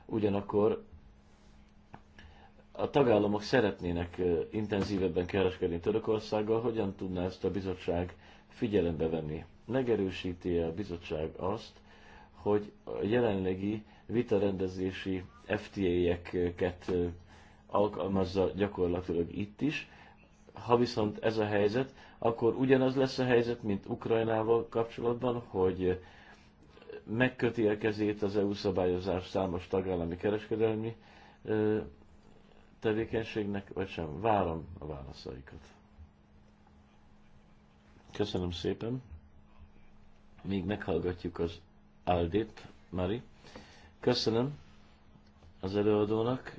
ugyanakkor a tagállamok szeretnének intenzívebben kereskedni Törökországgal, hogyan tudná ezt a bizottság figyelembe venni. Megerősíti a bizottság azt, hogy a jelenlegi vitarendezési FTA-eket alkalmazza gyakorlatilag itt is. Ha viszont ez a helyzet, akkor ugyanaz lesz a helyzet, mint Ukrajnával kapcsolatban, hogy megköti a kezét az EU szabályozás számos tagállami kereskedelmi tevékenységnek, vagy sem. Várom a válaszaikat. Köszönöm szépen. Még meghallgatjuk az Aldit, Mari. Köszönöm az előadónak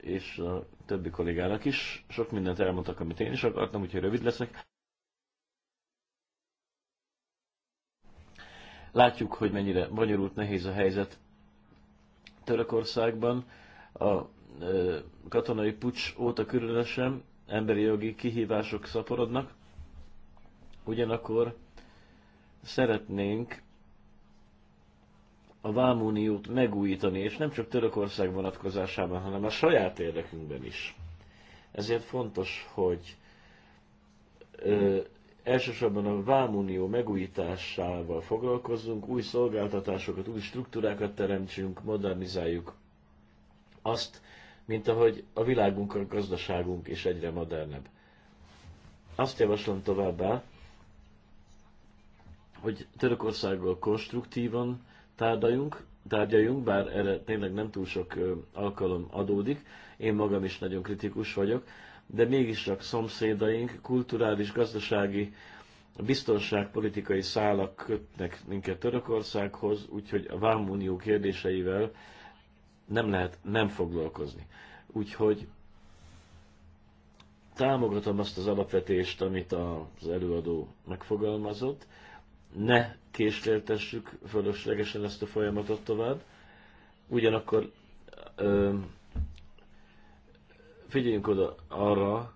és a többi kollégának is. Sok mindent elmondtak, amit én is akartam, úgyhogy rövid leszek. Látjuk, hogy mennyire bonyolult, nehéz a helyzet Törökországban. A katonai pucs óta különösen emberi jogi kihívások szaporodnak. Ugyanakkor szeretnénk a Vámuniót megújítani, és nem csak Törökország vonatkozásában, hanem a saját érdekünkben is. Ezért fontos, hogy ö, elsősorban a Vámunió megújításával foglalkozzunk, új szolgáltatásokat, új struktúrákat teremtsünk, modernizáljuk azt, mint ahogy a világunk, a gazdaságunk is egyre modernebb. Azt javaslom továbbá, hogy Törökországgal konstruktívan tárgyaljunk, tárgyaljunk, bár erre tényleg nem túl sok alkalom adódik, én magam is nagyon kritikus vagyok, de mégis szomszédaink kulturális, gazdasági, biztonságpolitikai szálak kötnek minket Törökországhoz, úgyhogy a Vámunió kérdéseivel nem lehet nem foglalkozni. Úgyhogy támogatom azt az alapvetést, amit az előadó megfogalmazott, ne késleltessük fölöslegesen ezt a folyamatot tovább. Ugyanakkor ö, figyeljünk oda arra,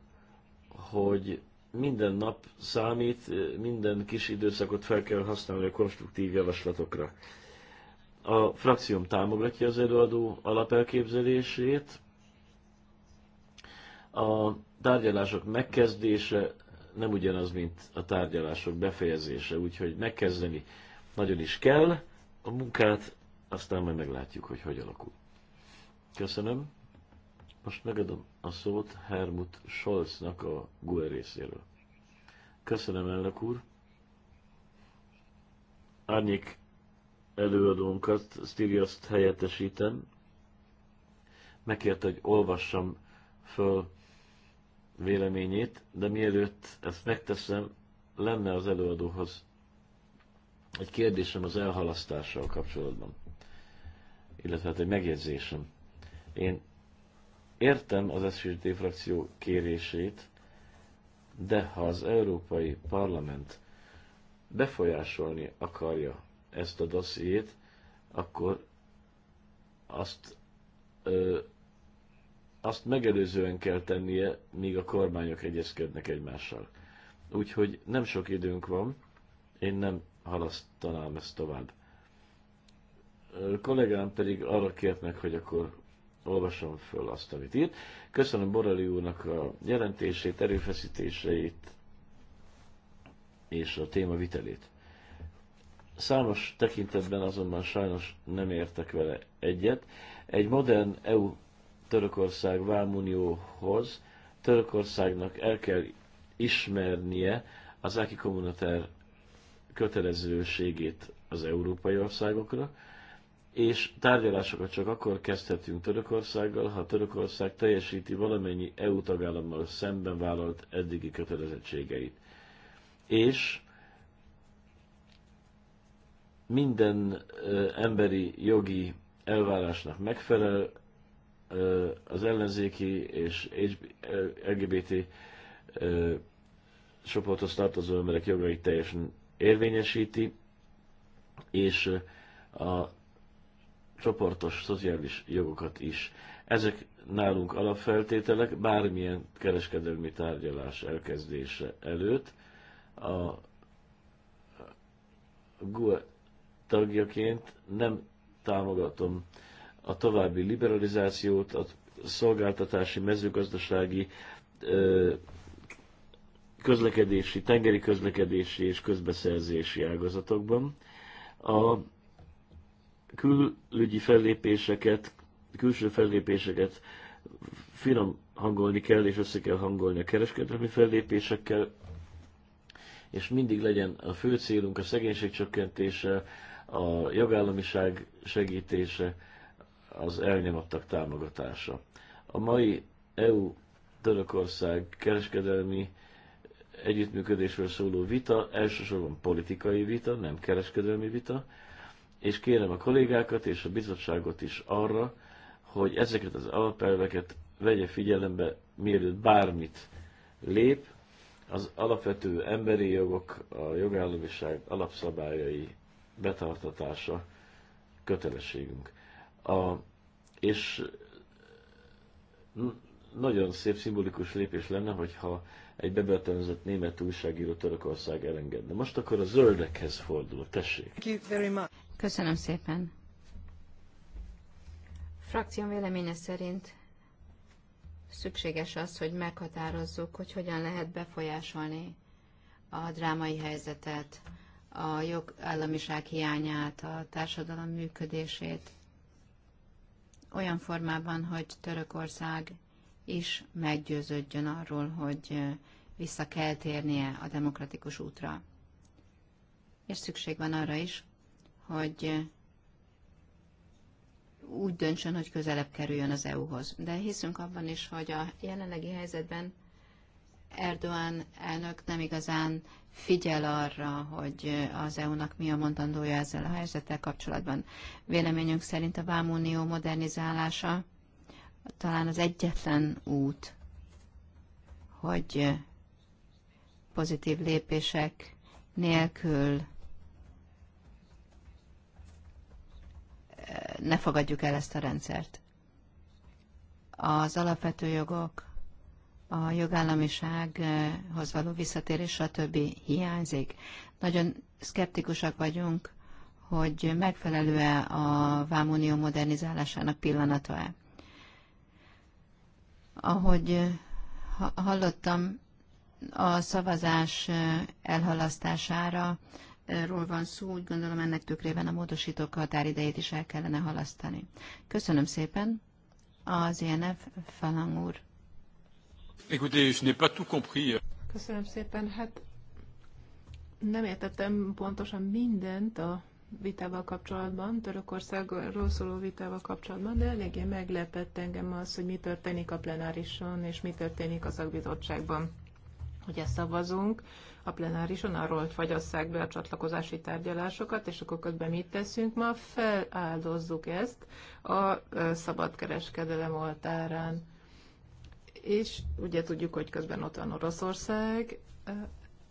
hogy minden nap számít, minden kis időszakot fel kell használni a konstruktív javaslatokra. A frakcióm támogatja az előadó alapelképzelését. A tárgyalások megkezdése nem ugyanaz, mint a tárgyalások befejezése, úgyhogy megkezdeni nagyon is kell a munkát, aztán majd meglátjuk, hogy hogy alakul. Köszönöm. Most megadom a szót Hermut Scholznak a GUE részéről. Köszönöm, elnök úr. Árnyék előadónkat, Stiriaszt helyettesítem. Megkérte, hogy olvassam föl véleményét, de mielőtt ezt megteszem, lenne az előadóhoz egy kérdésem az elhalasztással kapcsolatban, illetve hát egy megjegyzésem. Én értem az SZSZT frakció kérését, de ha az Európai Parlament befolyásolni akarja ezt a dossziét, akkor azt ö, azt megelőzően kell tennie, míg a kormányok egyezkednek egymással. Úgyhogy nem sok időnk van, én nem halasztanám ezt tovább. A kollégám pedig arra kért meg, hogy akkor olvasom föl azt, amit írt. Köszönöm Borali úrnak a jelentését, erőfeszítéseit és a téma vitelét. Számos tekintetben azonban sajnos nem értek vele egyet. Egy modern EU Törökország vámunióhoz, Törökországnak el kell ismernie az Aki kommunatár kötelezőségét az európai országokra, és tárgyalásokat csak akkor kezdhetünk Törökországgal, ha Törökország teljesíti valamennyi EU tagállammal szemben vállalt eddigi kötelezettségeit. És minden emberi jogi elvárásnak megfelel, az ellenzéki és LGBT csoporthoz tartozó emberek jogait teljesen érvényesíti, és a csoportos szociális jogokat is. Ezek nálunk alapfeltételek bármilyen kereskedelmi tárgyalás elkezdése előtt. A GUE tagjaként nem támogatom a további liberalizációt, a szolgáltatási, mezőgazdasági, közlekedési, tengeri közlekedési és közbeszerzési ágazatokban. A külügyi fellépéseket, külső fellépéseket finom hangolni kell, és össze kell hangolni a kereskedelmi fellépésekkel, és mindig legyen a fő célunk a szegénység csökkentése, a jogállamiság segítése, az elnyomottak támogatása. A mai EU-Törökország kereskedelmi együttműködésről szóló vita elsősorban politikai vita, nem kereskedelmi vita, és kérem a kollégákat és a bizottságot is arra, hogy ezeket az alapelveket vegye figyelembe, mielőtt bármit lép, az alapvető emberi jogok, a jogállamiság alapszabályai betartatása kötelességünk. A, és nagyon szép szimbolikus lépés lenne, hogyha egy bebörtönzött német újságíró Törökország elengedne. Most akkor a zöldekhez fordul, tessék. Köszönöm szépen. Frakción véleménye szerint szükséges az, hogy meghatározzuk, hogy hogyan lehet befolyásolni a drámai helyzetet, a jogállamiság hiányát, a társadalom működését, olyan formában, hogy Törökország is meggyőződjön arról, hogy vissza kell térnie a demokratikus útra. És szükség van arra is, hogy úgy döntsön, hogy közelebb kerüljön az EU-hoz. De hiszünk abban is, hogy a jelenlegi helyzetben Erdoğan elnök nem igazán figyel arra, hogy az EU-nak mi a mondandója ezzel a helyzettel kapcsolatban. Véleményünk szerint a Vámunió modernizálása talán az egyetlen út, hogy pozitív lépések nélkül eh, ne fogadjuk el ezt a rendszert. Az alapvető jogok, a jogállamisághoz való visszatérés, stb. hiányzik. Nagyon szkeptikusak vagyunk, hogy megfelelő-e a Vámunió modernizálásának pillanata-e. Ahogy hallottam, a szavazás elhalasztására eh, ról van szó, úgy gondolom ennek tükrében a módosítók határidejét is el kellene halasztani. Köszönöm szépen az INF e Falang úr. Écoutez, je n'ai pas tout compris. Köszönöm szépen. Hát nem értettem pontosan mindent a vitával kapcsolatban, Törökországról szóló vitával kapcsolatban, de eléggé meglepett engem az, hogy mi történik a plenárison, és mi történik a szakbizottságban. Ugye szavazunk a plenárison arról, hogy fagyasszák be a csatlakozási tárgyalásokat, és akkor közben mit teszünk? Ma feláldozzuk ezt a szabadkereskedelem oltárán és ugye tudjuk, hogy közben ott van Oroszország,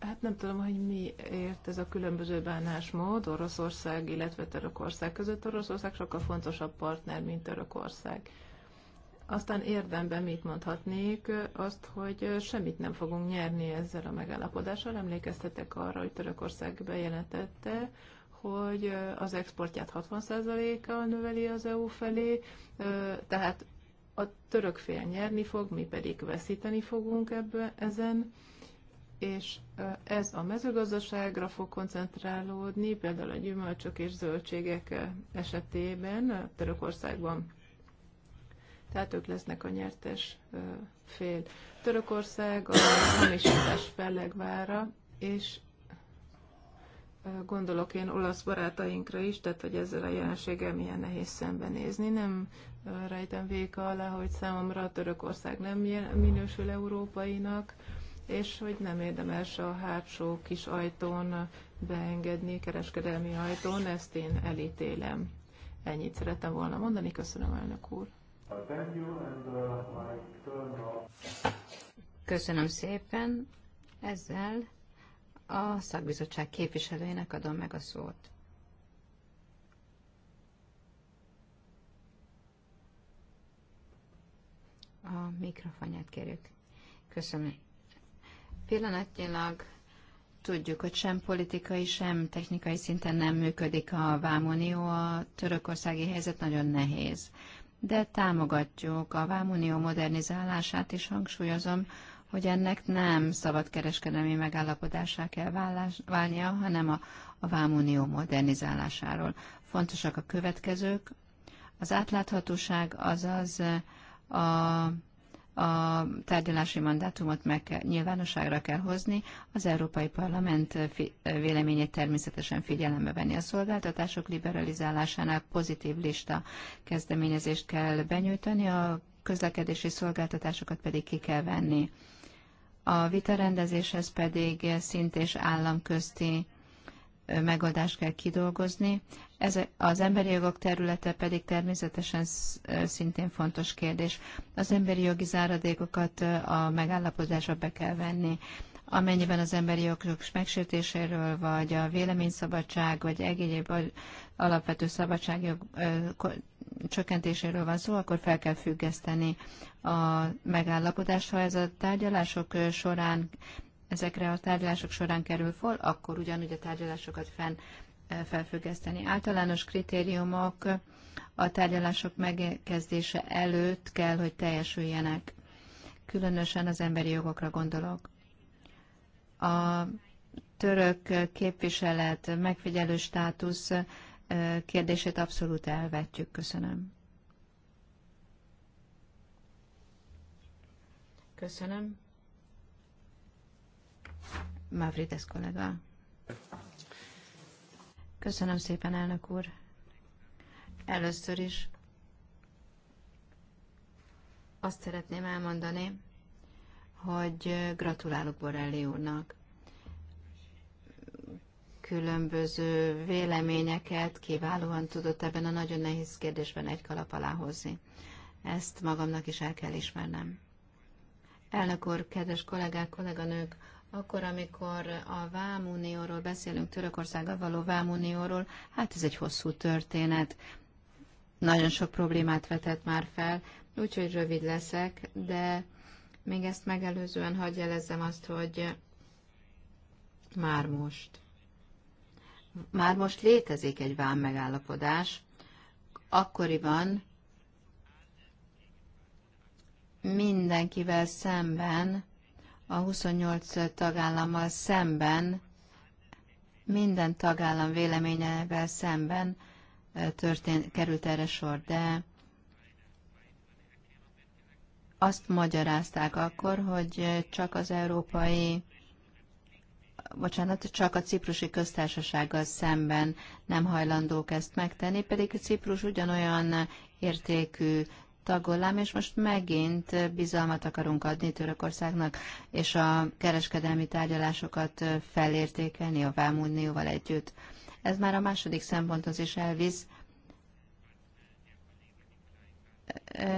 Hát nem tudom, hogy miért ez a különböző bánásmód Oroszország, illetve Törökország között. Oroszország sokkal fontosabb partner, mint Törökország. Aztán érdemben mit mondhatnék? Azt, hogy semmit nem fogunk nyerni ezzel a megállapodással. Emlékeztetek arra, hogy Törökország bejelentette, hogy az exportját 60%-kal növeli az EU felé, tehát a török fél nyerni fog, mi pedig veszíteni fogunk ebből ezen, és ez a mezőgazdaságra fog koncentrálódni, például a gyümölcsök és zöldségek esetében Törökországban. Tehát ők lesznek a nyertes fél. Törökország a hamisítás fellegvára, és gondolok én olasz barátainkra is, tehát hogy ezzel a jelenséggel milyen nehéz szembenézni. Nem rejtem véka alá, hogy számomra Törökország nem minősül európainak, és hogy nem érdemes a hátsó kis ajtón beengedni, kereskedelmi ajtón, ezt én elítélem. Ennyit szerettem volna mondani, köszönöm elnök úr. Köszönöm szépen. Ezzel a szakbizottság képviselőjének adom meg a szót. a mikrofonját kérjük. Köszönöm. Pillanatnyilag tudjuk, hogy sem politikai, sem technikai szinten nem működik a Vámunió, a törökországi helyzet nagyon nehéz. De támogatjuk a Vámunió modernizálását, is. hangsúlyozom, hogy ennek nem szabadkereskedelmi megállapodásá kell válás, válnia, hanem a, a Vámunió modernizálásáról. Fontosak a következők. Az átláthatóság, azaz a, a tárgyalási mandátumot meg kell, nyilvánosságra kell hozni, az Európai Parlament véleményét természetesen figyelembe venni. A szolgáltatások liberalizálásának pozitív lista kezdeményezést kell benyújtani, a közlekedési szolgáltatásokat pedig ki kell venni. A vitarendezéshez pedig szint és államközti megoldást kell kidolgozni. Ez az emberi jogok területe pedig természetesen szintén fontos kérdés. Az emberi jogi záradékokat a megállapodásba be kell venni. Amennyiben az emberi jogok megsértéséről, vagy a véleményszabadság, vagy egyéb alapvető szabadságjog csökkentéséről van szó, akkor fel kell függeszteni a megállapodást. Ha ez a tárgyalások során ezekre a tárgyalások során kerül fel, akkor ugyanúgy a tárgyalásokat fenn eh, felfüggeszteni. Általános kritériumok a tárgyalások megkezdése előtt kell, hogy teljesüljenek. Különösen az emberi jogokra gondolok. A török képviselet, megfigyelő státusz eh, kérdését abszolút elvetjük. Köszönöm. Köszönöm. Mavrides kollega. Köszönöm szépen, elnök úr. Először is azt szeretném elmondani, hogy gratulálok Borelli úrnak. Különböző véleményeket kiválóan tudott ebben a nagyon nehéz kérdésben egy kalap alá hozni. Ezt magamnak is el kell ismernem. Elnök úr, kedves kollégák, kolléganők, akkor, amikor a Vámunióról beszélünk, Törökországgal való Vámunióról, hát ez egy hosszú történet. Nagyon sok problémát vetett már fel, úgyhogy rövid leszek, de még ezt megelőzően hagyj jelezzem azt, hogy már most. Már most létezik egy vám megállapodás, akkoriban mindenkivel szemben, a 28 tagállammal szemben, minden tagállam véleményevel szemben történt, került erre sor, de azt magyarázták akkor, hogy csak az európai bocsánat, csak a ciprusi köztársasággal szemben nem hajlandók ezt megtenni, pedig a Ciprus ugyanolyan értékű tagollám, és most megint bizalmat akarunk adni Törökországnak, és a kereskedelmi tárgyalásokat felértékelni a Vámunióval együtt. Ez már a második szemponthoz is elvisz.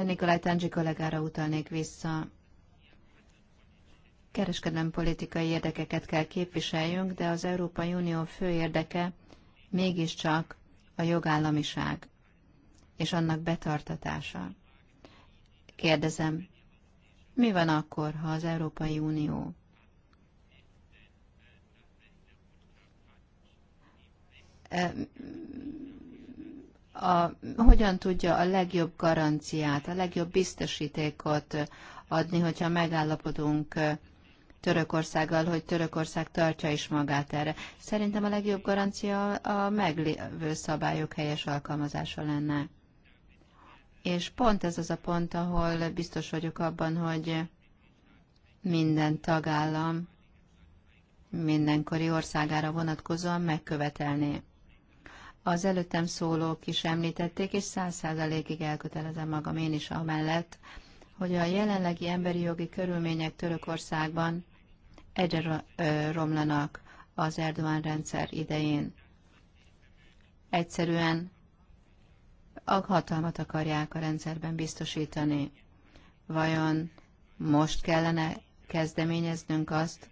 Nikolaj Tanzsi kollégára utalnék vissza. Kereskedelmi politikai érdekeket kell képviseljünk, de az Európai Unió fő érdeke mégiscsak a jogállamiság és annak betartatása. Kérdezem, mi van akkor, ha az Európai Unió a, hogyan tudja a legjobb garanciát, a legjobb biztosítékot adni, hogyha megállapodunk Törökországgal, hogy Törökország tartja is magát erre. Szerintem a legjobb garancia a meglévő szabályok helyes alkalmazása lenne. És pont ez az a pont, ahol biztos vagyok abban, hogy minden tagállam mindenkori országára vonatkozóan megkövetelné. Az előttem szólók is említették, és száz százalékig elkötelezem magam én is amellett, hogy a jelenlegi emberi jogi körülmények Törökországban egyre romlanak az Erdogan rendszer idején. Egyszerűen a hatalmat akarják a rendszerben biztosítani. Vajon most kellene kezdeményeznünk azt,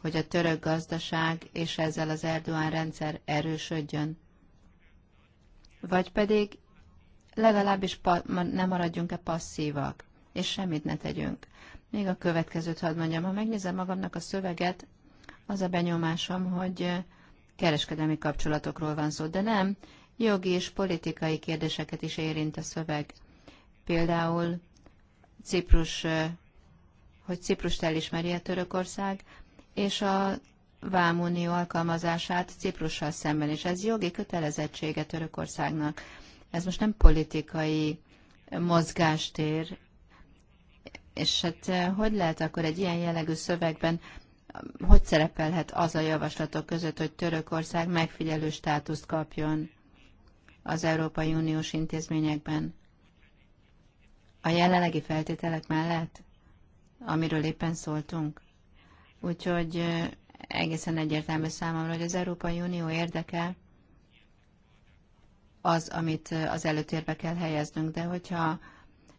hogy a török gazdaság és ezzel az Erdoğan rendszer erősödjön? Vagy pedig legalábbis nem maradjunk-e passzívak, és semmit ne tegyünk. Még a következőt hadd mondjam, ha megnézem magamnak a szöveget, az a benyomásom, hogy kereskedelmi kapcsolatokról van szó, de nem, jogi és politikai kérdéseket is érint a szöveg. Például Ciprus, hogy Ciprust a Törökország, és a vámunió alkalmazását Ciprussal szemben, és ez jogi kötelezettsége Törökországnak. Ez most nem politikai mozgástér, és hát hogy lehet akkor egy ilyen jellegű szövegben, hogy szerepelhet az a javaslatok között, hogy Törökország megfigyelő státuszt kapjon? az Európai Uniós intézményekben a jelenlegi feltételek mellett, amiről éppen szóltunk. Úgyhogy egészen egyértelmű számomra, hogy az Európai Unió érdeke az, amit az előtérbe kell helyeznünk, de hogyha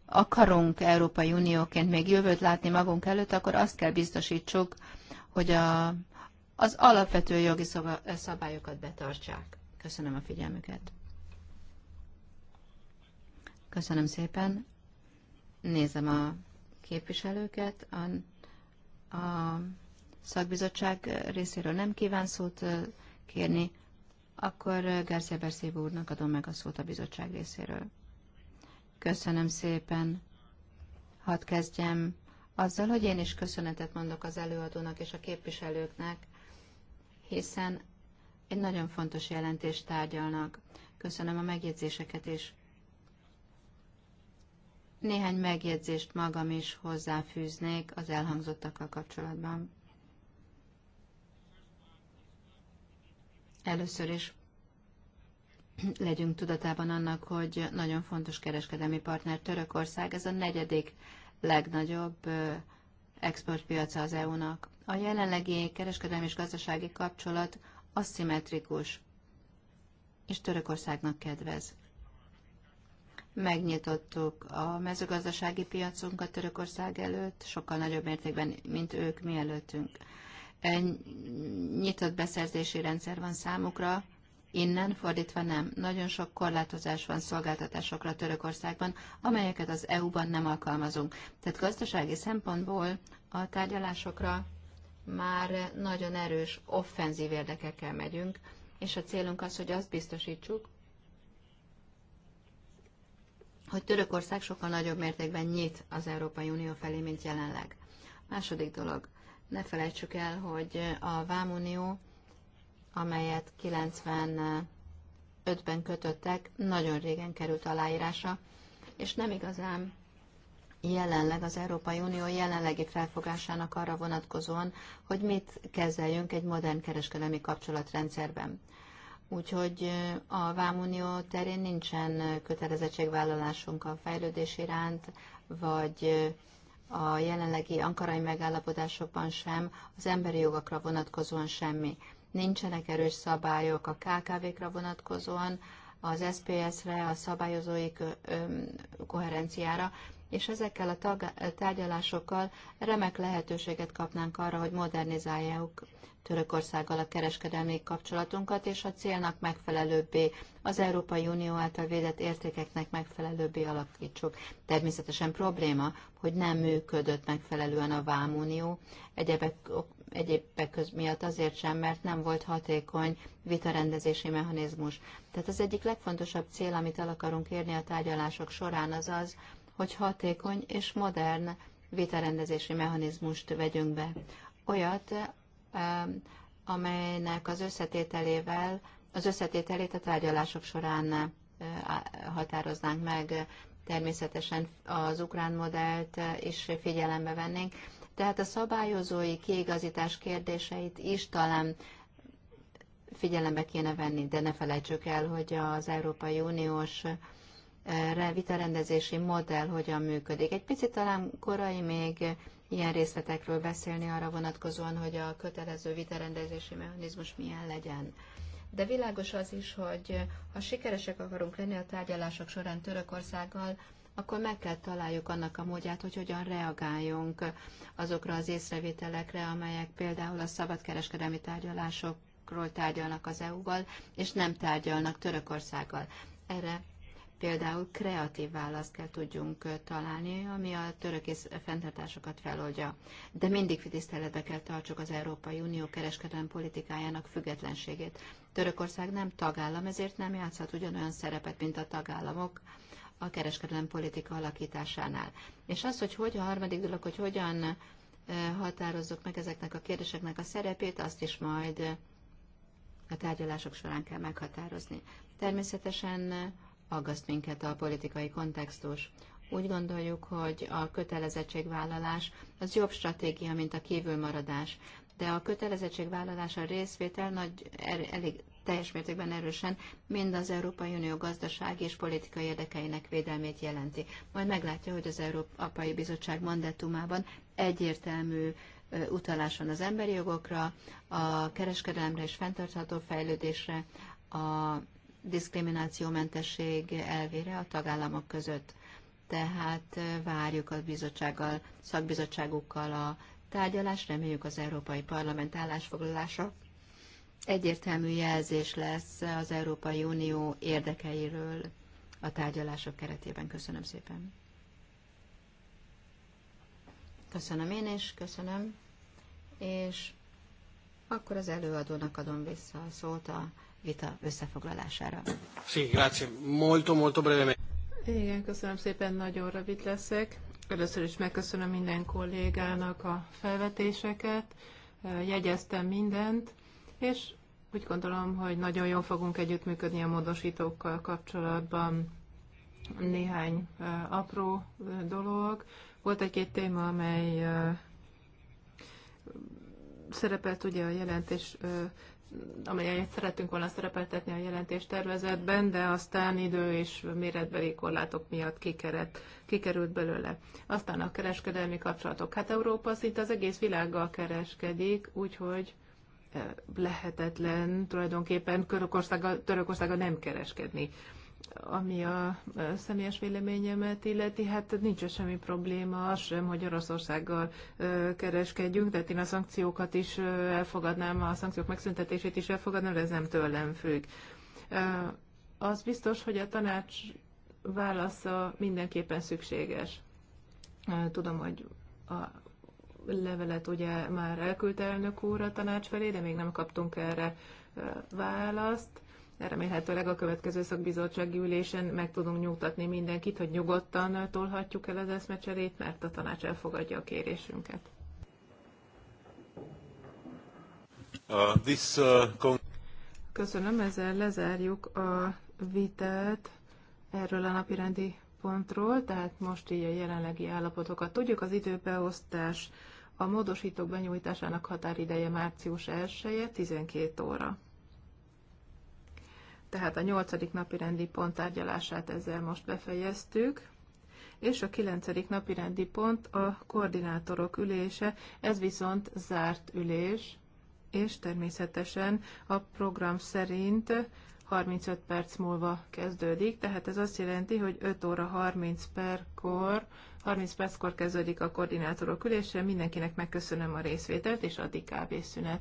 akarunk Európai Unióként még jövőt látni magunk előtt, akkor azt kell biztosítsuk, hogy a, az alapvető jogi szabályokat betartsák. Köszönöm a figyelmüket. Köszönöm szépen. Nézem a képviselőket. A, a szakbizottság részéről nem kíván szót kérni, akkor Garcia Berszév úrnak adom meg a szót a bizottság részéről. Köszönöm szépen. Hadd kezdjem azzal, hogy én is köszönetet mondok az előadónak és a képviselőknek, hiszen egy nagyon fontos jelentést tárgyalnak. Köszönöm a megjegyzéseket is. Néhány megjegyzést magam is hozzáfűznék az elhangzottakkal kapcsolatban. Először is legyünk tudatában annak, hogy nagyon fontos kereskedelmi partner Törökország, ez a negyedik legnagyobb exportpiaca az EU-nak. A jelenlegi kereskedelmi és gazdasági kapcsolat aszimmetrikus, és Törökországnak kedvez megnyitottuk a mezőgazdasági piacunkat Törökország előtt, sokkal nagyobb mértékben, mint ők mielőttünk. Nyitott beszerzési rendszer van számukra, innen fordítva nem. Nagyon sok korlátozás van szolgáltatásokra Törökországban, amelyeket az EU-ban nem alkalmazunk. Tehát gazdasági szempontból a tárgyalásokra már nagyon erős, offenzív érdekekkel megyünk, és a célunk az, hogy azt biztosítsuk, hogy Törökország sokkal nagyobb mértékben nyit az Európai Unió felé, mint jelenleg. Második dolog, ne felejtsük el, hogy a Vámunió, amelyet 95-ben kötöttek, nagyon régen került aláírása, és nem igazán jelenleg az Európai Unió jelenlegi felfogásának arra vonatkozóan, hogy mit kezeljünk egy modern kereskedelmi kapcsolatrendszerben. Úgyhogy a Vámunió terén nincsen kötelezettségvállalásunk a fejlődés iránt, vagy a jelenlegi ankarai megállapodásokban sem, az emberi jogokra vonatkozóan semmi. Nincsenek erős szabályok a KKV-kra vonatkozóan, az SPS-re, a szabályozói koherenciára, és ezekkel a tárgyalásokkal remek lehetőséget kapnánk arra, hogy modernizáljuk Törökországgal a kereskedelmi kapcsolatunkat, és a célnak megfelelőbbé, az Európai Unió által védett értékeknek megfelelőbbé alakítsuk. Természetesen probléma, hogy nem működött megfelelően a Vámunió, egyebek, egyébek köz miatt azért sem, mert nem volt hatékony vitarendezési mechanizmus. Tehát az egyik legfontosabb cél, amit el akarunk érni a tárgyalások során, az az, hogy hatékony és modern vitarendezési mechanizmust vegyünk be. Olyat, amelynek az összetételével, az összetételét a tárgyalások során határoznánk meg, természetesen az ukrán modellt is figyelembe vennénk. Tehát a szabályozói kiigazítás kérdéseit is talán figyelembe kéne venni, de ne felejtsük el, hogy az Európai Uniós vitarendezési modell hogyan működik. Egy picit talán korai még ilyen részletekről beszélni arra vonatkozóan, hogy a kötelező vitarendezési mechanizmus milyen legyen. De világos az is, hogy ha sikeresek akarunk lenni a tárgyalások során Törökországgal, akkor meg kell találjuk annak a módját, hogy hogyan reagáljunk azokra az észrevételekre, amelyek például a szabadkereskedelmi tárgyalásokról tárgyalnak az EU-val, és nem tárgyalnak Törökországgal. Erre Például kreatív választ kell tudjunk találni, ami a török és fenntartásokat feloldja. De mindig tiszteletbe kell tartsuk az Európai Unió kereskedelmi politikájának függetlenségét. Törökország nem tagállam, ezért nem játszhat ugyanolyan szerepet, mint a tagállamok a kereskedelmi politika alakításánál. És az, hogy hogy a harmadik dolog, hogy hogyan határozzuk meg ezeknek a kérdéseknek a szerepét, azt is majd a tárgyalások során kell meghatározni. Természetesen aggaszt minket a politikai kontextus. Úgy gondoljuk, hogy a kötelezettségvállalás az jobb stratégia, mint a kívülmaradás. De a kötelezettségvállalás, a részvétel nagy, er, elég teljes mértékben erősen mind az Európai Unió gazdasági és politikai érdekeinek védelmét jelenti. Majd meglátja, hogy az Európai Bizottság mandátumában egyértelmű utalás van az emberi jogokra, a kereskedelemre és fenntartható fejlődésre, a diszkriminációmentesség elvére a tagállamok között. Tehát várjuk a bizottsággal, szakbizottságukkal a tárgyalás, reméljük az Európai Parlament állásfoglalása egyértelmű jelzés lesz az Európai Unió érdekeiről a tárgyalások keretében. Köszönöm szépen. Köszönöm én is, köszönöm. És akkor az előadónak adom vissza a szót a vita összefoglalására. Sí, grazie. Molto, molto brevemente. Igen, köszönöm szépen, nagyon rövid leszek. Először is megköszönöm minden kollégának a felvetéseket, jegyeztem mindent, és úgy gondolom, hogy nagyon jól fogunk együttműködni a módosítókkal kapcsolatban. Néhány apró dolog. Volt egy-két téma, amely szerepelt ugye a jelentés amelyet szerettünk volna szerepeltetni a jelentés tervezetben, de aztán idő és méretbeli korlátok miatt kikeret, kikerült belőle. Aztán a kereskedelmi kapcsolatok. Hát Európa szinte az egész világgal kereskedik, úgyhogy eh, lehetetlen tulajdonképpen Törökországgal nem kereskedni ami a személyes véleményemet illeti, hát nincs semmi probléma az sem, hogy Oroszországgal kereskedjünk, tehát én a szankciókat is elfogadnám, a szankciók megszüntetését is elfogadnám, de ez nem tőlem függ. Az biztos, hogy a tanács válasza mindenképpen szükséges. Tudom, hogy a levelet ugye már elküldte elnök úr a tanács felé, de még nem kaptunk erre választ remélhetőleg a következő szakbizottsági ülésen meg tudunk nyugtatni mindenkit, hogy nyugodtan tolhatjuk el az eszmecserét, mert a tanács elfogadja a kérésünket. Uh, this, uh, Köszönöm, ezzel lezárjuk a vitát erről a napirendi pontról, tehát most így a jelenlegi állapotokat tudjuk. Az időbeosztás a módosítók benyújtásának határideje március 1 -e, 12 óra tehát a nyolcadik napi rendi pont tárgyalását ezzel most befejeztük, és a kilencedik napi rendi pont a koordinátorok ülése, ez viszont zárt ülés, és természetesen a program szerint 35 perc múlva kezdődik, tehát ez azt jelenti, hogy 5 óra 30 perckor 30 perckor kezdődik a koordinátorok ülése, mindenkinek megköszönöm a részvételt, és addig kávészünet.